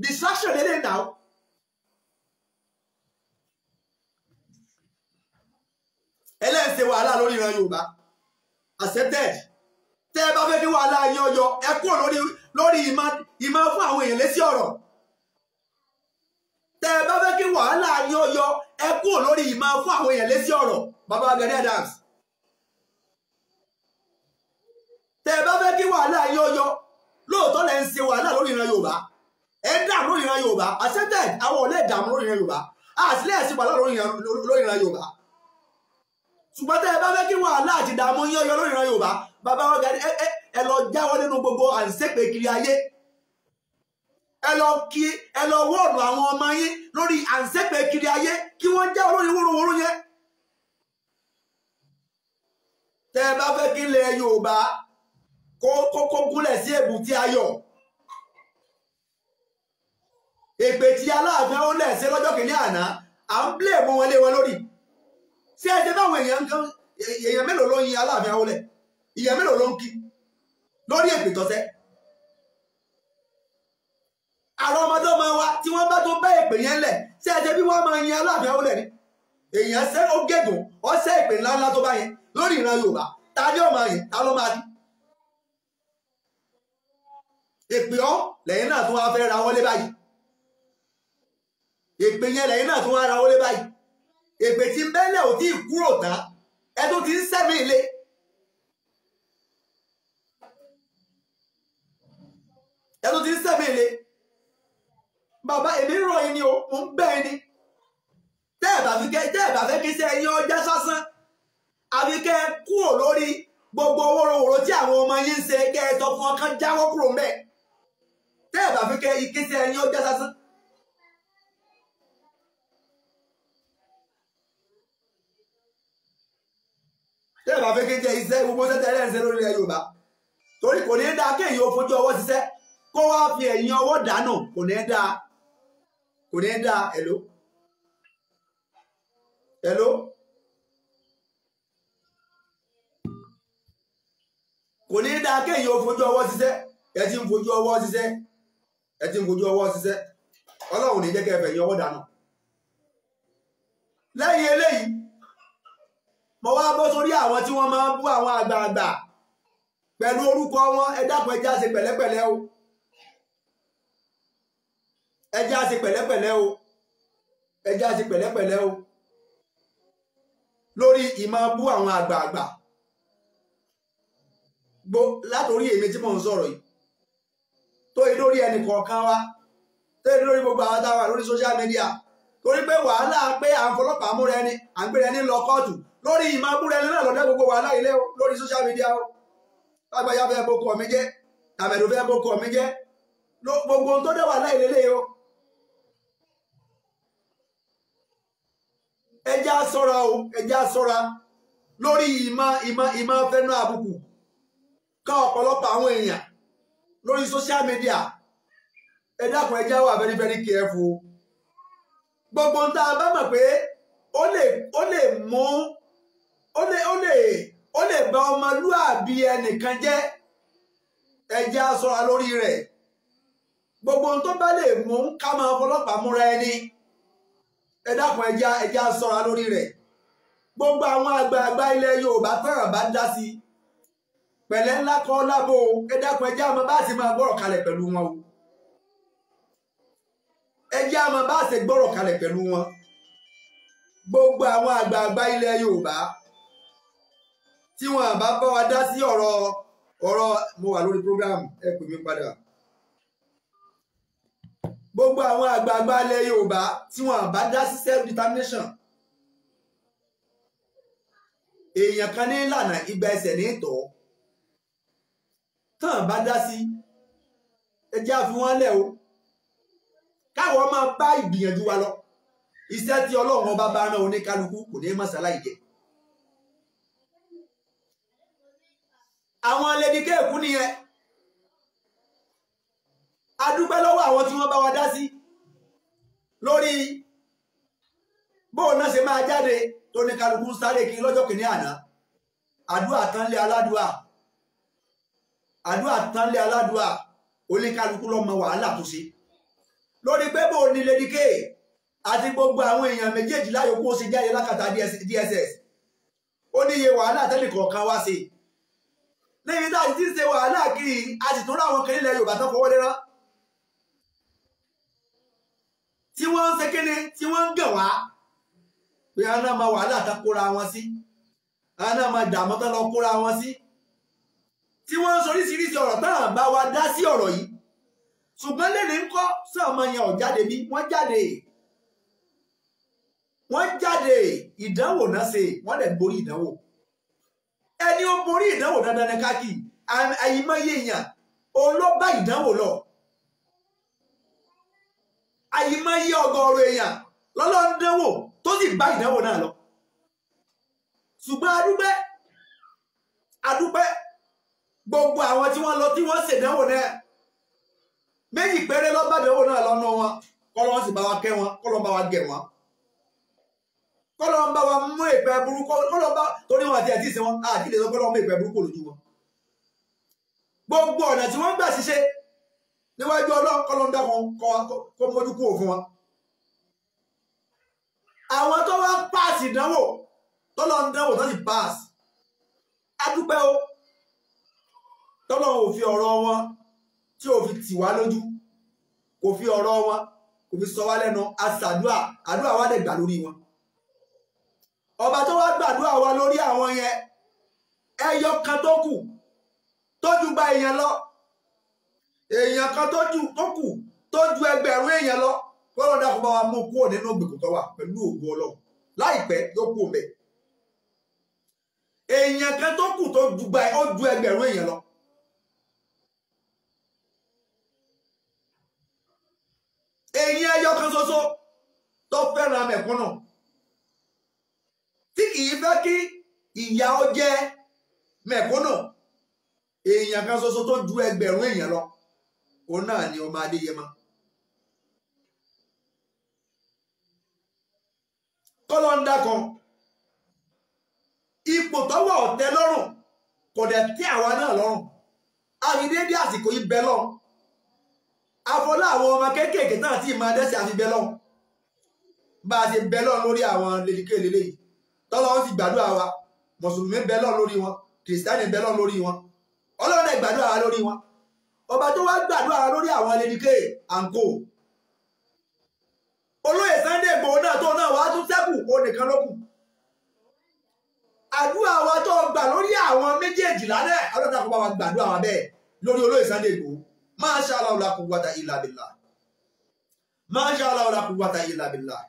distraction lélẹ́yìn náà. ẹlẹ́sẹ̀ wàhálà lórí ìran yorùbá accepted tẹ́ ẹ bá fẹ́ kí wàhálà yín ọyọ ẹ kúrò lórí lórí ìmọ̀ fún àwọn èèyàn lésì ọ̀rọ̀ tẹ́ ẹ bá fẹ́ kí wàhálà yín ọyọ ẹ kúrò lórí ìmọ̀ fún àwọn èèyàn lésì ọ̀rọ̀ bàbá Gani Adams tẹ́ ẹ bá fẹ́ kí wàhálà yín ọyọ lóòótọ́ lẹ́ ń ṣe wàhálà lórí ìran yorùbá ẹ ń dààmú lórí ìran yorùbá accepted àwọn ò lè dààmú lórí ìran yorùbá àtìlẹ́yìn sí wàhálà lórí ìran yorùbá ṣùgbọ́n tẹ́ ẹ bá fẹ́ kí wàhálà àti ìdààmú yín ọyọ lórí ìran yorùbá bàbá wa Gani ẹ lọ jáwọ́ nínú gbogbo àǹsẹ́pẹ̀ kiri ayé ẹ lọ kí ẹ lọ wọ́ọ̀nù àwọn ọmọ yín lórí àǹsẹ́pẹ̀ kiri ayé kí wọ́n jáwọ́ lórí wórówóró yẹn. tẹ́ ẹ bá fẹ́ kí ilẹ̀ yorùbá kó kókó gúnlẹ̀ sí èbúté ayọ̀ èpè tí aláàfin ó lẹ̀ sí lọ́jọ́ kìíní àná à ń blé mọ́ wọn lé wọn lórí ṣé ẹ jẹ́ báwọn èèyàn kan èèyàn mélòó ló ń yin Aláàfin Awólẹ̀ èèyàn mélòó ló ń kí lórí èpè tọ́sẹ́ àwọn ọmọdé ọmọ wa tí wọ́n bá tó bá èpè yẹn lẹ̀ ṣé ẹ jẹ́ bí wọ́n máa yin Aláàfin Awólẹ̀ ni èèyàn ṣe ó gégùn ó ṣe èpè ńláńlá tó bá yẹn lórí ìran Yorùbá ta ni ọmọ yẹn ta ló máa di èpè ọ lẹ́yìn náà tún wá fẹ́ ra wọlé báyìí èpè yẹn lẹ́yìn náà tún wá ra wọlé báyìí èpè tí bẹ́lẹ̀ ò tí ì kúrò tán ẹ tó ti ń sẹ́mi ilé. ẹ tó ti ń sẹ́mi ilé. bàbá èmi ń rọ ẹni o mo ń bẹ́ ẹni. tẹ́ ẹ̀ bá fi kẹ́ tẹ́ ẹ̀ bá fẹ́ kí iṣẹ́ ẹyin ọjà sásán àfi kẹ́ ẹ kúrò lórí gbogbo wóróworó tí àwọn ọmọ yín ń ṣe kẹ́ ẹ sọ fún ọkàn jáwọ́ kúrò ń tẹ́ ẹ̀ bá fi kẹ́ iṣẹ́ ẹyin ọjà sásán bá fẹ́ kéde iṣẹ́ gbogbo sẹ́tẹ̀ ẹlẹ́sẹ̀ lórí ilẹ̀ Yorùbá torí kò ní í dáa kéèyàn ó fojú ọwọ́ ṣiṣẹ́ kó wá fi ẹ̀yìn ọwọ́ dànù kò ní í dáa kò ní í dáa ẹ̀ló ẹ̀ló kò ní í dáa kéèyàn ó fojú ọwọ́ ṣiṣẹ́ ẹ ti ń fojú ọwọ́ ṣiṣẹ́ ẹ ti ń fojú ọwọ́ ṣiṣẹ́ Ọlọ́run ní jẹ́ kẹ́ ẹ ọwọ́ dànù lẹ́yìn eléyìí mo wá bọ́ sórí àwọn tí wọ́n máa ń bú àwọn àgbààgbà pẹ̀lú orúkọ wọn ẹ dákun ẹ jẹ́ pẹ̀lẹ́pẹ̀lẹ́ o ẹ jẹ́ á ṣe pẹ̀lẹ́pẹ̀lẹ́ o ẹ jẹ́ á ṣe pẹ̀lẹ́pẹ̀lẹ́ o lórí ìmọ̀ bú àwọn àgbààgbà gbo látòrí èmi tí mò ń sọ̀rọ̀ yìí tó yìí lórí ẹnì kọ̀ọ̀kan wa tó yìí lórí gbogbo àwọn táwa lórí social media torí pé wàhálà pé à ń fọlọ́pàá múra ẹni à ń gbé ẹni lọ kóòtù lórí ìmọ̀ abúlé ẹni náà lọ́dẹ gbogbo wa láì lé o lórí social media o lágbàáyà fẹ́ boko mi jẹ́ tàbẹ̀dù fẹ́ boko mi jẹ́ gbogbo ohun tó dé wà láì lélẹ̀ o. ẹjẹ́ aṣọ́ra o ẹjẹ́ aṣọ́ra lórí ìmọ̀ ìmọ̀ ìmọ̀ fẹ́nu àbùkù ká ọ̀pọ̀lọpọ̀ àwọn èèyàn lórí social media ẹ dákun ẹjẹ́ wà very very careful gbogbo ohun tá a bá mọ̀ pé ó lè ó lè mú. ó lè ba lè ó lè bà ẹnìkan jẹ́ ẹjẹ́ gbogbo ohun tó bá lè mú ká máa fọlọ́pàá múra ẹni ẹ dákun ẹjẹ́ ẹjẹ́ aṣọra lórí gbogbo àwọn àgbààgbà ilẹ̀ Yorùbá fẹ́ràn bá dá sí pẹ̀lẹ́ ńlá kọ́ lábò ẹ dákun ẹjẹ́ àmọ́ bá sì máa wọn o ẹjẹ́ gbogbo àwọn àgbààgbà ilẹ̀ Yorùbá tí wọn bá bá wa dá sí ọ̀rọ̀ ọ̀rọ̀ mo wà lórí program ẹ pè mí padà gbogbo àwọn àgbààgbà ilẹ̀ Yorùbá tí wọn bá dá sí self determination èèyàn kan ní lànà ìgbà ẹsẹ̀ ní ìtọ́ tán bá dá sí ẹjẹ́ àfihàn lẹ̀ o káwọn máa bá ìgbìyànjú wa lọ iṣẹ́ tí Ọlọ́run ọba bá rán oníkálukú kò ní mọ̀ṣáláì jẹ́ àwọn lẹ́díkẹ́ẹ̀kú nìyẹn a dúpẹ́ lọ́wọ́ àwọn tí wọ́n bá wa dá sí lórí bóun náà ṣe máa jáde tó ní kálukú sáré kiri lọ́jọ́ kìíní àná àdúrà tánlé aládùá àdúrà tánlé aládùá oníkálukú lọ́mọ wàhálà tó ṣe lórí pé bóun ní lẹ́díkẹ́ àti gbogbo àwọn èèyàn méjèèjì láyòókù ó ṣe jáde lákàtà DSS ó níye wàhálà tẹ́lẹ̀ kọ̀ọ̀kan wá sí i níbi tá a ti ṣe wàhálà kiri a sì tún ráwọn kan ilẹ̀ Yorùbá tán fọwọ́ lé rán tí wọ́n ń ṣe kíni tí wọ́n ń gàn wá pé àwọn náà máa wàhálà tán kóra wọn sí àwọn náà máa dààmú tán lọ kóra wọn sí tí wọ́n ń sọ oríṣiríṣi ọ̀rọ̀ táwọn bá wa dá sí ọ̀rọ̀ yìí ṣùgbọ́n lèlè ń kọ́ sọ̀mọ yẹn ò jáde bí wọ́n jáde wọ́n jáde ìdánwò náà ṣe wọ́n lè borí ìdánwò. ẹni o borí ìdánwò dandan ní káàkiri àyìmọye èèyàn òun ló bá ìdánwò lọ àyìmọye ọgọ́rùn èèyàn lọ́lọ́run tó sì bá ìdánwò náà lọ ṣùgbọ́n adúpẹ́ adúpẹ́ gbogbo àwọn tí wọ́n lọ tí wọ́n ṣèdánwò náà méjì péré ló ìdánwò náà lọ́nà wọn kọ́lọ́ wọn sì bá wa kẹ́ wọn wa gẹ̀ wọn. kọ́lọ́ wa mú ìpẹ́ burúkú kọ́lọ́ bá torí wọn àti ẹ̀dí ìsìn wọn àdílé sọ kọ́lọ́ mú ìpẹ́ burúkú lójú wọn. gbogbo ọ̀nà tí wọ́n ń gbà ṣiṣẹ́ níwájú ọlọ́run kọ́lọ́ ń dá wọn kó mójú kúrò fún wọn. àwọn tó wá páàsì ìdánwò tọ́lọ́ dánwò tó sì páàsì. a dúpẹ́ o tọ́lọ́ ò fi ọ̀rọ̀ wọn tí ò fi tì wá lójú kò fi ọ̀rọ̀ wọn kò fi sọ wá lẹ́nu àṣàdúà àdúà wá dẹ̀ gbà lórí wọn ọba tó wá gbàdúrà wa lórí àwọn yẹn ẹyọ kan tó kù tó ju gba èèyàn lọ èèyàn kan tó ju tó kù tó ju ẹgbẹ̀rún èèyàn lọ kọ́lọ́ dàpọ̀ bá wa mú kúrò nínú gbèkùn tó wà pẹ̀lú òògùn ọlọ́run láìpẹ́ yóò kú òmẹ́ èèyàn kan tó kù tó ju gba ó ju ẹgbẹ̀rún èèyàn lọ. èyí ẹyọ kan ṣoṣo tó fẹ́ràn mẹ̀kúnnù kì í fẹ́ kí ìyà ó jẹ mẹ̀kúnnù èèyàn kan ṣoṣo tó ju ẹgbẹ̀rún èèyàn lọ òun náà ni ọmọ adéyẹmọ. kọ́lọ́ńdà kan ipò tọ́wọ́ ọ̀tẹ́ lọ́rùn kò dẹ̀ tí àwa náà lọ́rùn àfidédé àsìkò yìí bẹ́ lọ́rùn afọlá àwọn ọmọ kéékèèké náà tí máa dẹ́sẹ̀ àfi bẹ́ lọ́rùn bá a ṣe bẹ́ lọ́rùn lórí àwọn lèlíkèlélẹ́yìí tọ́lọ́ wọn fi gbàdúrà wa mùsùlùmí bẹ lọ́n lórí wọn kìrìsìtánì bẹ lọ́n lórí wọn ọlọ́run náà gbàdúrà wa lórí wọn ọba tó wá gbàdúrà wa lórí àwọn ẹlẹ́dìkẹ́ àǹkó olóyè Sunday Igboho náà tó náà wàá tún sẹ́kù ó nìkan ló kù àdúrà wa tó gbà lórí àwọn méjèèjì lálẹ́ ọlọ́dà kó bá wa gbàdúrà wa bẹ́ẹ̀ lórí olóyè Sunday Igboho Masha Allah la quwwata illa billah Masha Allah la quwwata illa billah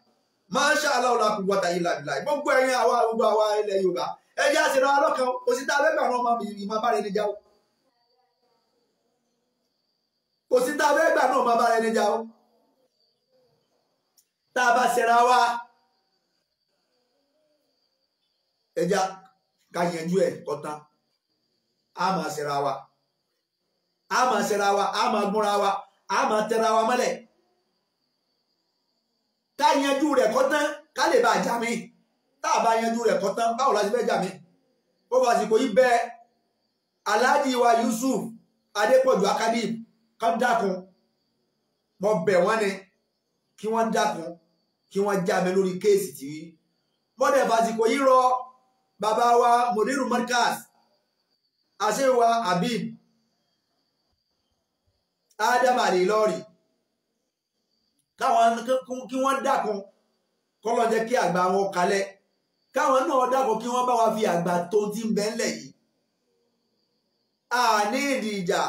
masha allah la kú wọ́tà yìí làbìlà gbogbo ẹ̀yin àwa gbogbo àwa ilẹ̀ yorùbá ẹ̀jẹ̀ àṣírà alọ́kan òsì tá a fẹ́ gbàgbọ́ ọmọ mi ìmọ̀ bá rẹ̀ níjà o òsì tá a fẹ́ gbà náà ọmọ bá rẹ̀ níjà o tá a bá ṣẹra wa ẹ̀jẹ̀ ká yẹnjú ẹ̀ kọ́tà á máa ṣẹra wa á máa ṣẹra wa á máa gúnra wa a máa tẹra wa mọ́lẹ̀ ká yanjú rẹ̀ kọ́ tán ká lè bá a jà mí tá a bá yanjú rẹ̀ kọ́ báwo la ti fẹ́ jà mí ó fà àsìkò yìí bẹ aláàjì wa Yusuf Adépọ̀jù Akadib kan dákun mo bẹ̀ wọ́n ni kí wọ́n dákun kí wọ́n já mi lórí kéèsì tí mọ́dẹ̀ fàsìkò yìí rọ bàbá wa mòdìrú mọ́díkàs àṣẹ wa Abib Adam àlè lọ́rìí káwọn kí wọ́n dákun kọ́ lọ jẹ́ kí àgbà wọn kalẹ̀ káwọn náà dákun kí wọ́n bá wa fi àgbà tó ti ń bẹ ńlẹ̀ yìí àní ìdì ìjà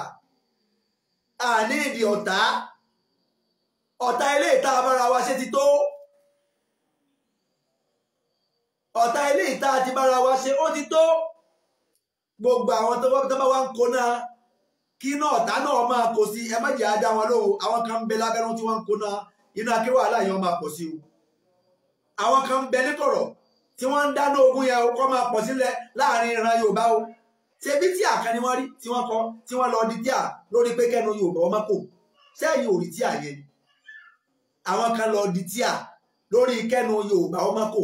àní ìdì ọ̀tá ọ̀tá ilé ìta abára wa ṣe ti tó ọ̀tá ilé ìta àti bára wa ṣe ó ti tó gbogbo àwọn tó bá wá ń kóná kí náà ọ̀tá náà máa kó sí ẹ má jẹ́ ajá wọn lóhùn àwọn kan ń bẹ lábẹ́rún tí wọ́n ń kóná inú akí wàhálà yẹn máa pọ̀ sí o àwọn kan ń bẹ nítòrọ̀ tí wọ́n ń dáná ogun yẹn kọ́ máa pọ̀ sílẹ̀ láàrin ìran Yorùbá o ṣebí tíà kan ni rí tí wọ́n kọ́ tí wọ́n lọ di tíà lórí pé kẹ́nu Yorùbá ọmọ kò sẹ́yìn ò rí tíà yẹn àwọn kan lọ di tíà lórí kẹ́nu Yorùbá ọmọ kò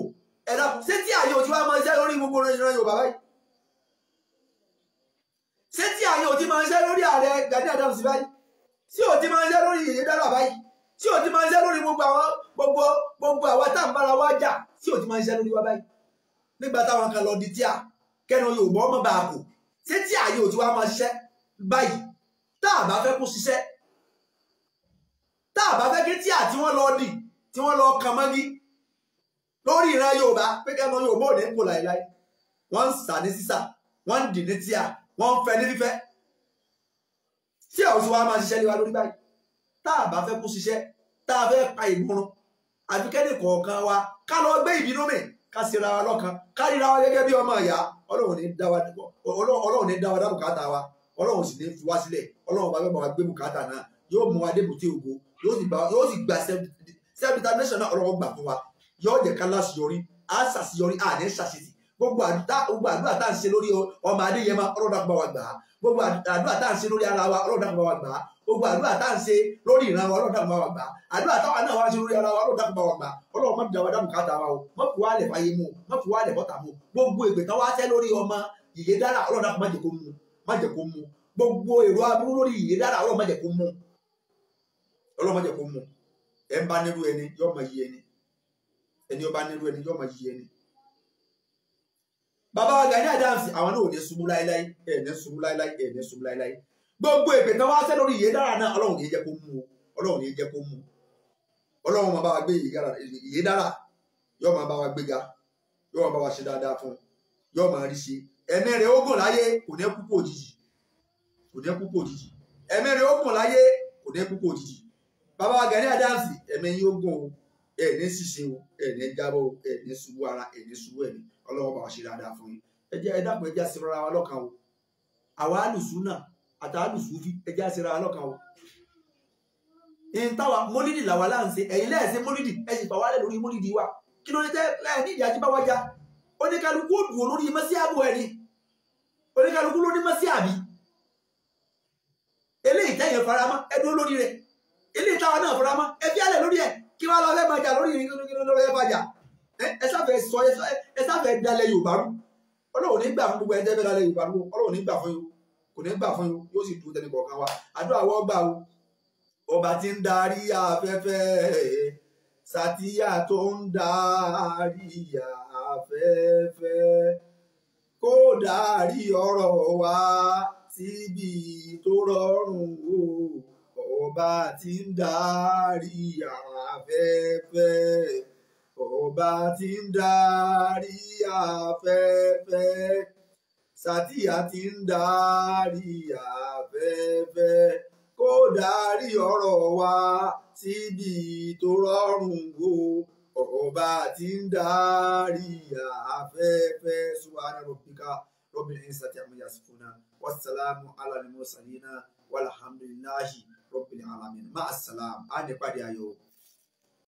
ẹ̀dá ṣé tíà yóò ti wá máa ṣe lórí gbogbo ìran Yorùbá báyìí ṣé tíà yóò ti máa ṣe lórí ààrẹ Gani Adams báyìí ṣé ò ti máa ṣe lórí ìyẹn tí o ti máa ń ṣe lórí gbogbo àwọn gbogbo gbogbo àwa tá à ń bára wa jà tí ò ti máa ń ṣe lórí wa báyìí nígbà táwọn kan lọ di tíà kẹnu Yorùbá ọmọ bá a kò ṣé tí ààyè ò ti wá máa ṣiṣẹ́ báyìí tá a bá fẹ́ kó ṣiṣẹ́ tá a bá fẹ́ kí tíà tí wọ́n lọ dì tí wọ́n lọ kàn mọ́gí lórí ìran Yorùbá pé kẹnu Yorùbá ò ní kó láéláé wọ́n ń sà ní sísà wọ́n ń dì ní tíà wọ́n ń fẹ́ ní fífẹ́ tí ò ti wá máa ṣiṣẹ́ lé wa lórí báyìí tá a bá fẹ́ kó ṣiṣẹ́ tá a fẹ́ pa ìmúrun àfi kẹ́lẹ́ kọ̀ọ̀kan wa ká lọ gbé ìbínú mi ká síra wa lọ́kan ká ríra wa gẹ́gẹ́ bí ọmọ ìyá ọlọ́run ní dá wa dá bùkátà wa ọlọ́run sì ní fi wá sílẹ̀ ọlọ́run bá bẹ́ẹ̀ bá wa gbé bùkátà náà yóò mú wa dé bùtí ògo yóò sì gba self determination náà ọlọ́run gbà fún wa yóò jẹ́ ká láṣeyọrí á ṣàṣeyọrí á ní gbogbo àdúrà tá à ń ṣe lórí ọmọ adéyẹmọ ọlọ́run àgbà wa gbà á gbogbo àdúrà tá à ń ṣe lórí ara wa ọlọ́run dákun bá wa gbà á gbogbo àdúrà tá à ń ṣe lórí ìran wa ọlọ́run dákun bá wa gbà á àdúrà táwa náà wá ṣe lórí ara wa ọlọ́run dákun bá wa gbà á ọlọ́run mọ̀tò dáwà dákun káàtà wa o mọ̀tò wà lẹ̀ fàyè mu mọ̀tò wà lẹ̀ bọ́tà mu gbogbo ègbè tán wá ṣẹ́ lórí ọmọ ìyè dára ọlọ́run dákun má mu má mu gbogbo èrò aburú lórí ìyè dára ọlọ́run má mu ọlọ́run bàbá ga Gani Adams àwọn náà ò ní ṣubú láéláé ẹ̀ ní ṣubú láéláé ẹ̀ ní láéláé gbogbo èpè tán wá sẹ́ lórí náà ọlọ́run jẹ́ kó mú ọlọ́run jẹ́ kó mú ọlọ́run máa bá wa gbé yóò máa bá wa gbéga yóò máa bá wa ṣe dáadáa fún yóò máa rí ṣe láyé kò ní kò ẹ ní ṣiṣẹ́ o ẹ ní jábọ́ o ẹ ní ṣubú ara ẹ ní ṣubú ẹ̀mí ọlọ́wọ́ bá wa ṣe dáadáa fún yín ẹ jẹ́ ẹ dàpọ̀ ẹ jẹ́ àṣírà wa lọ́kàn o àwa àlùsù náà àtàlùsù fi ẹ jẹ́ àṣírà wa lọ́kàn o. ìntàwà mólídì làwa là ń ṣe ẹ̀yin lẹ́ẹ̀sẹ̀ mólídì ẹ sì fà wálẹ̀ lórí mólídì wa kí ló dé tẹ́ ẹ ní ìdájí bá wájà oníkálukú òdùn olórí mọ́sí àbò ẹ̀ ni oníkálukú ló ní mọ́sí àbí eléyìí tẹ́yìn faramá ẹ lórí rẹ̀ eléyìí táwa náà faramá ẹ fi lórí ẹ̀ kí wàá lọ fẹ́ máa jà lórí ìrìn kí ló fẹ́ máa jà ẹ sáfẹ́ sọ ẹ sáfẹ́ dalẹ̀ yorùbá rú ọlọ́run ní gbà fún gbogbo ẹni tẹ́ fẹ́ dalẹ̀ yorùbá rú ọlọ́run ní gbà fún yín kò ní gbà fún yín yóò sì dúró tẹnì kọ̀ọ̀kan wa àdúrà wọ́n gbà o ọba tí ń darí afẹ́fẹ́ sàtíyà tó ń darí afẹ́fẹ́ kó darí ọ̀rọ̀ wa síbi tó rọrùn o ọba tí ń darí afẹ́fẹ́ ọba tí ń darí afẹ́fẹ́ sátìyà tí ń darí afẹ́fẹ́ kó darí ọ̀rọ̀ wa síbi tó rọrùn o ọba tí ń darí afẹ́fẹ́ subhana rabbika rabbil izzati amma yasifuna wassalamu ala al-mursalina walhamdulillahi rabbil alamin ma assalam á nípàdé ayọ̀.